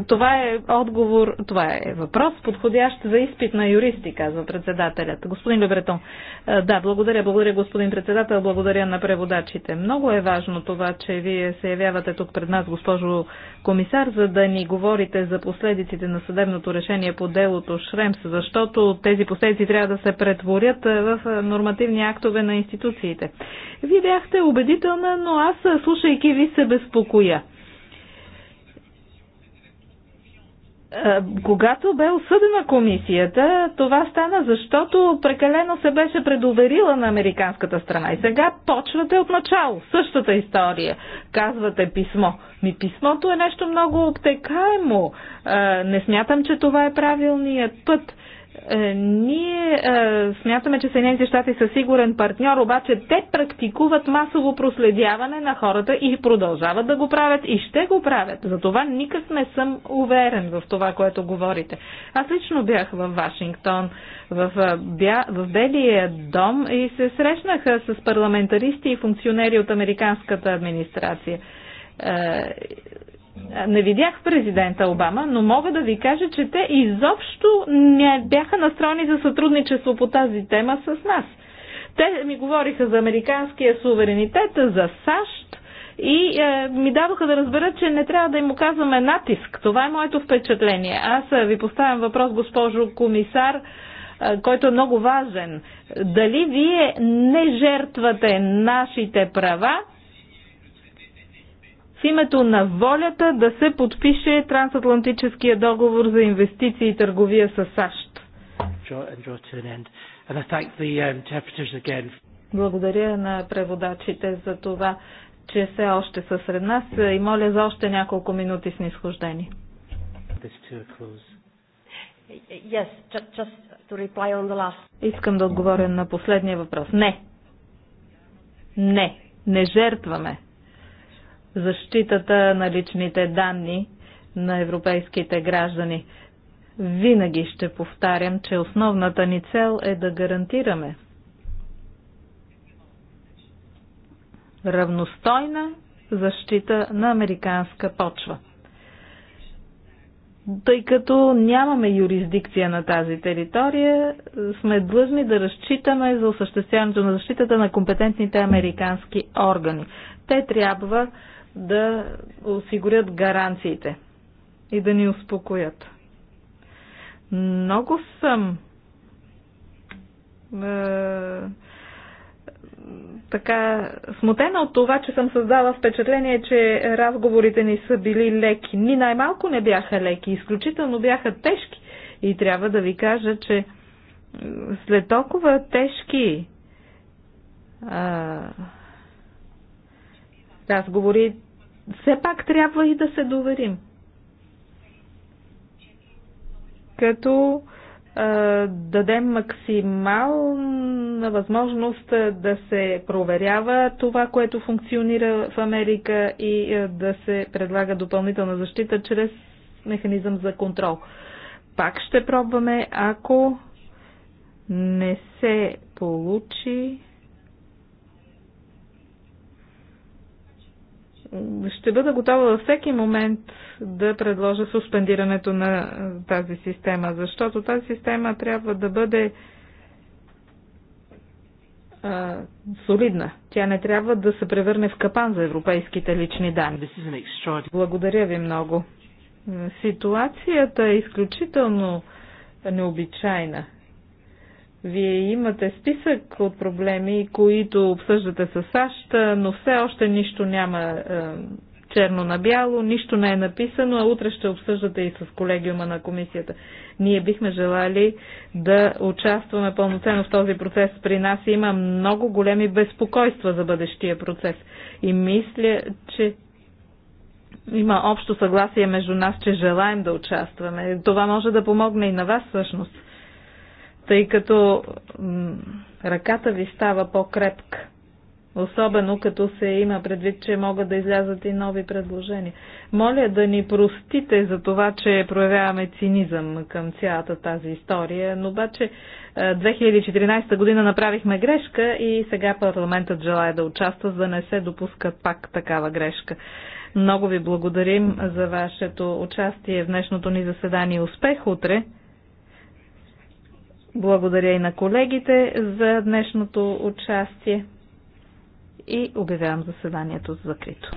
Е, това е отговор, това е въпрос, подходящ за изпит на юристи, казва председателят. Господин Лебретон, е, да, благодаря, благодаря господин председател, благодаря на преводачите. Много е важно това, че вие се явявате тук пред нас, госпожо комисар, за да ни говорите за последиците на съдебното решение по делото Шремс, защото тези последици трябва да се претворят е, в е, нормативни актове на институциите. Вие бяхте убедителна, но аз, слушайки ви, се безпокоя. Е, когато бе осъдена комисията, това стана защото прекалено се беше предоверила на американската страна. И сега почвате от начало. Същата история. Казвате писмо. Ми писмото е нещо много обтекаемо. Е, не смятам, че това е правилният път. Е, ние е, смятаме, че Съединените щати са сигурен партньор, обаче те практикуват масово проследяване на хората и продължават да го правят и ще го правят. Затова никак не съм уверен в това, което говорите. Аз лично бях в Вашингтон, в, е, бя, в Белия дом и се срещнах с парламентаристи и функционери от американската администрация е, не видях президента Обама, но мога да ви кажа, че те изобщо не бяха настроени за сътрудничество по тази тема с нас. Те ми говориха за американския суверенитет, за САЩ и е, ми дадоха да разбера, че не трябва да им оказваме натиск. Това е моето впечатление. Аз е, ви поставям въпрос, госпожо комисар е, който е много важен. Дали вие не жертвате нашите права в името на волята да се подпише трансатлантическия договор за инвестиции и търговия с САЩ. Um, Благодаря на преводачите за това, че все още са сред нас е, и моля за още няколко минути снисхождени. Yes, just, just to reply on the last. Искам да отговоря на последния въпрос. Не. Не. Не жертваме защитата на личните данни на европейските граждани. Винаги ще повтарям, че основната ни цел е да гарантираме равностойна защита на американска почва. Тъй като нямаме юрисдикция на тази територия, сме длъжни да разчитаме за осъществяването на защитата на компетентните американски органи. Те трябва да осигурят гаранциите и да ни успокоят. Много съм е, така смутена от това, че съм създала впечатление, че разговорите ни са били леки. Ни най-малко не бяха леки, изключително бяха тежки. И трябва да ви кажа, че е, след толкова тежки разговори, все пак трябва и да се доверим. Като е, дадем максимална възможност да се проверява това, което функционира в Америка и е, да се предлага допълнителна защита чрез механизъм за контрол. Пак ще пробваме, ако не се получи ще бъда готова във всеки момент да предложа суспендирането на тази система, защото тази система трябва да бъде а, солидна. Тя не трябва да се превърне в капан за европейските лични данни. Благодаря ви много. Ситуацията е изключително необичайна. Вие имате списък от проблеми, които обсъждате с САЩ, но все още нищо няма е, черно на бяло, нищо не е написано, а утре ще обсъждате и с колегиума на комисията. Ние бихме желали да участваме пълноценно в този процес. При нас има много големи безпокойства за бъдещия процес. И мисля, че има общо съгласие между нас, че желаем да участваме. Това може да помогне и на вас всъщност тъй като ръката ви става по-крепка. Особено като се има предвид, че могат да излязат и нови предложения. Моля да ни простите за това, че проявяваме цинизъм към цялата тази история, но обаче 2014 е, година направихме грешка и сега парламентът желая да участва, за да не се допуска пак такава грешка. Много ви благодарим за вашето участие в днешното ни заседание. Успех утре! Благодаря и на колегите за днешното участие и обявявам заседанието за закрито.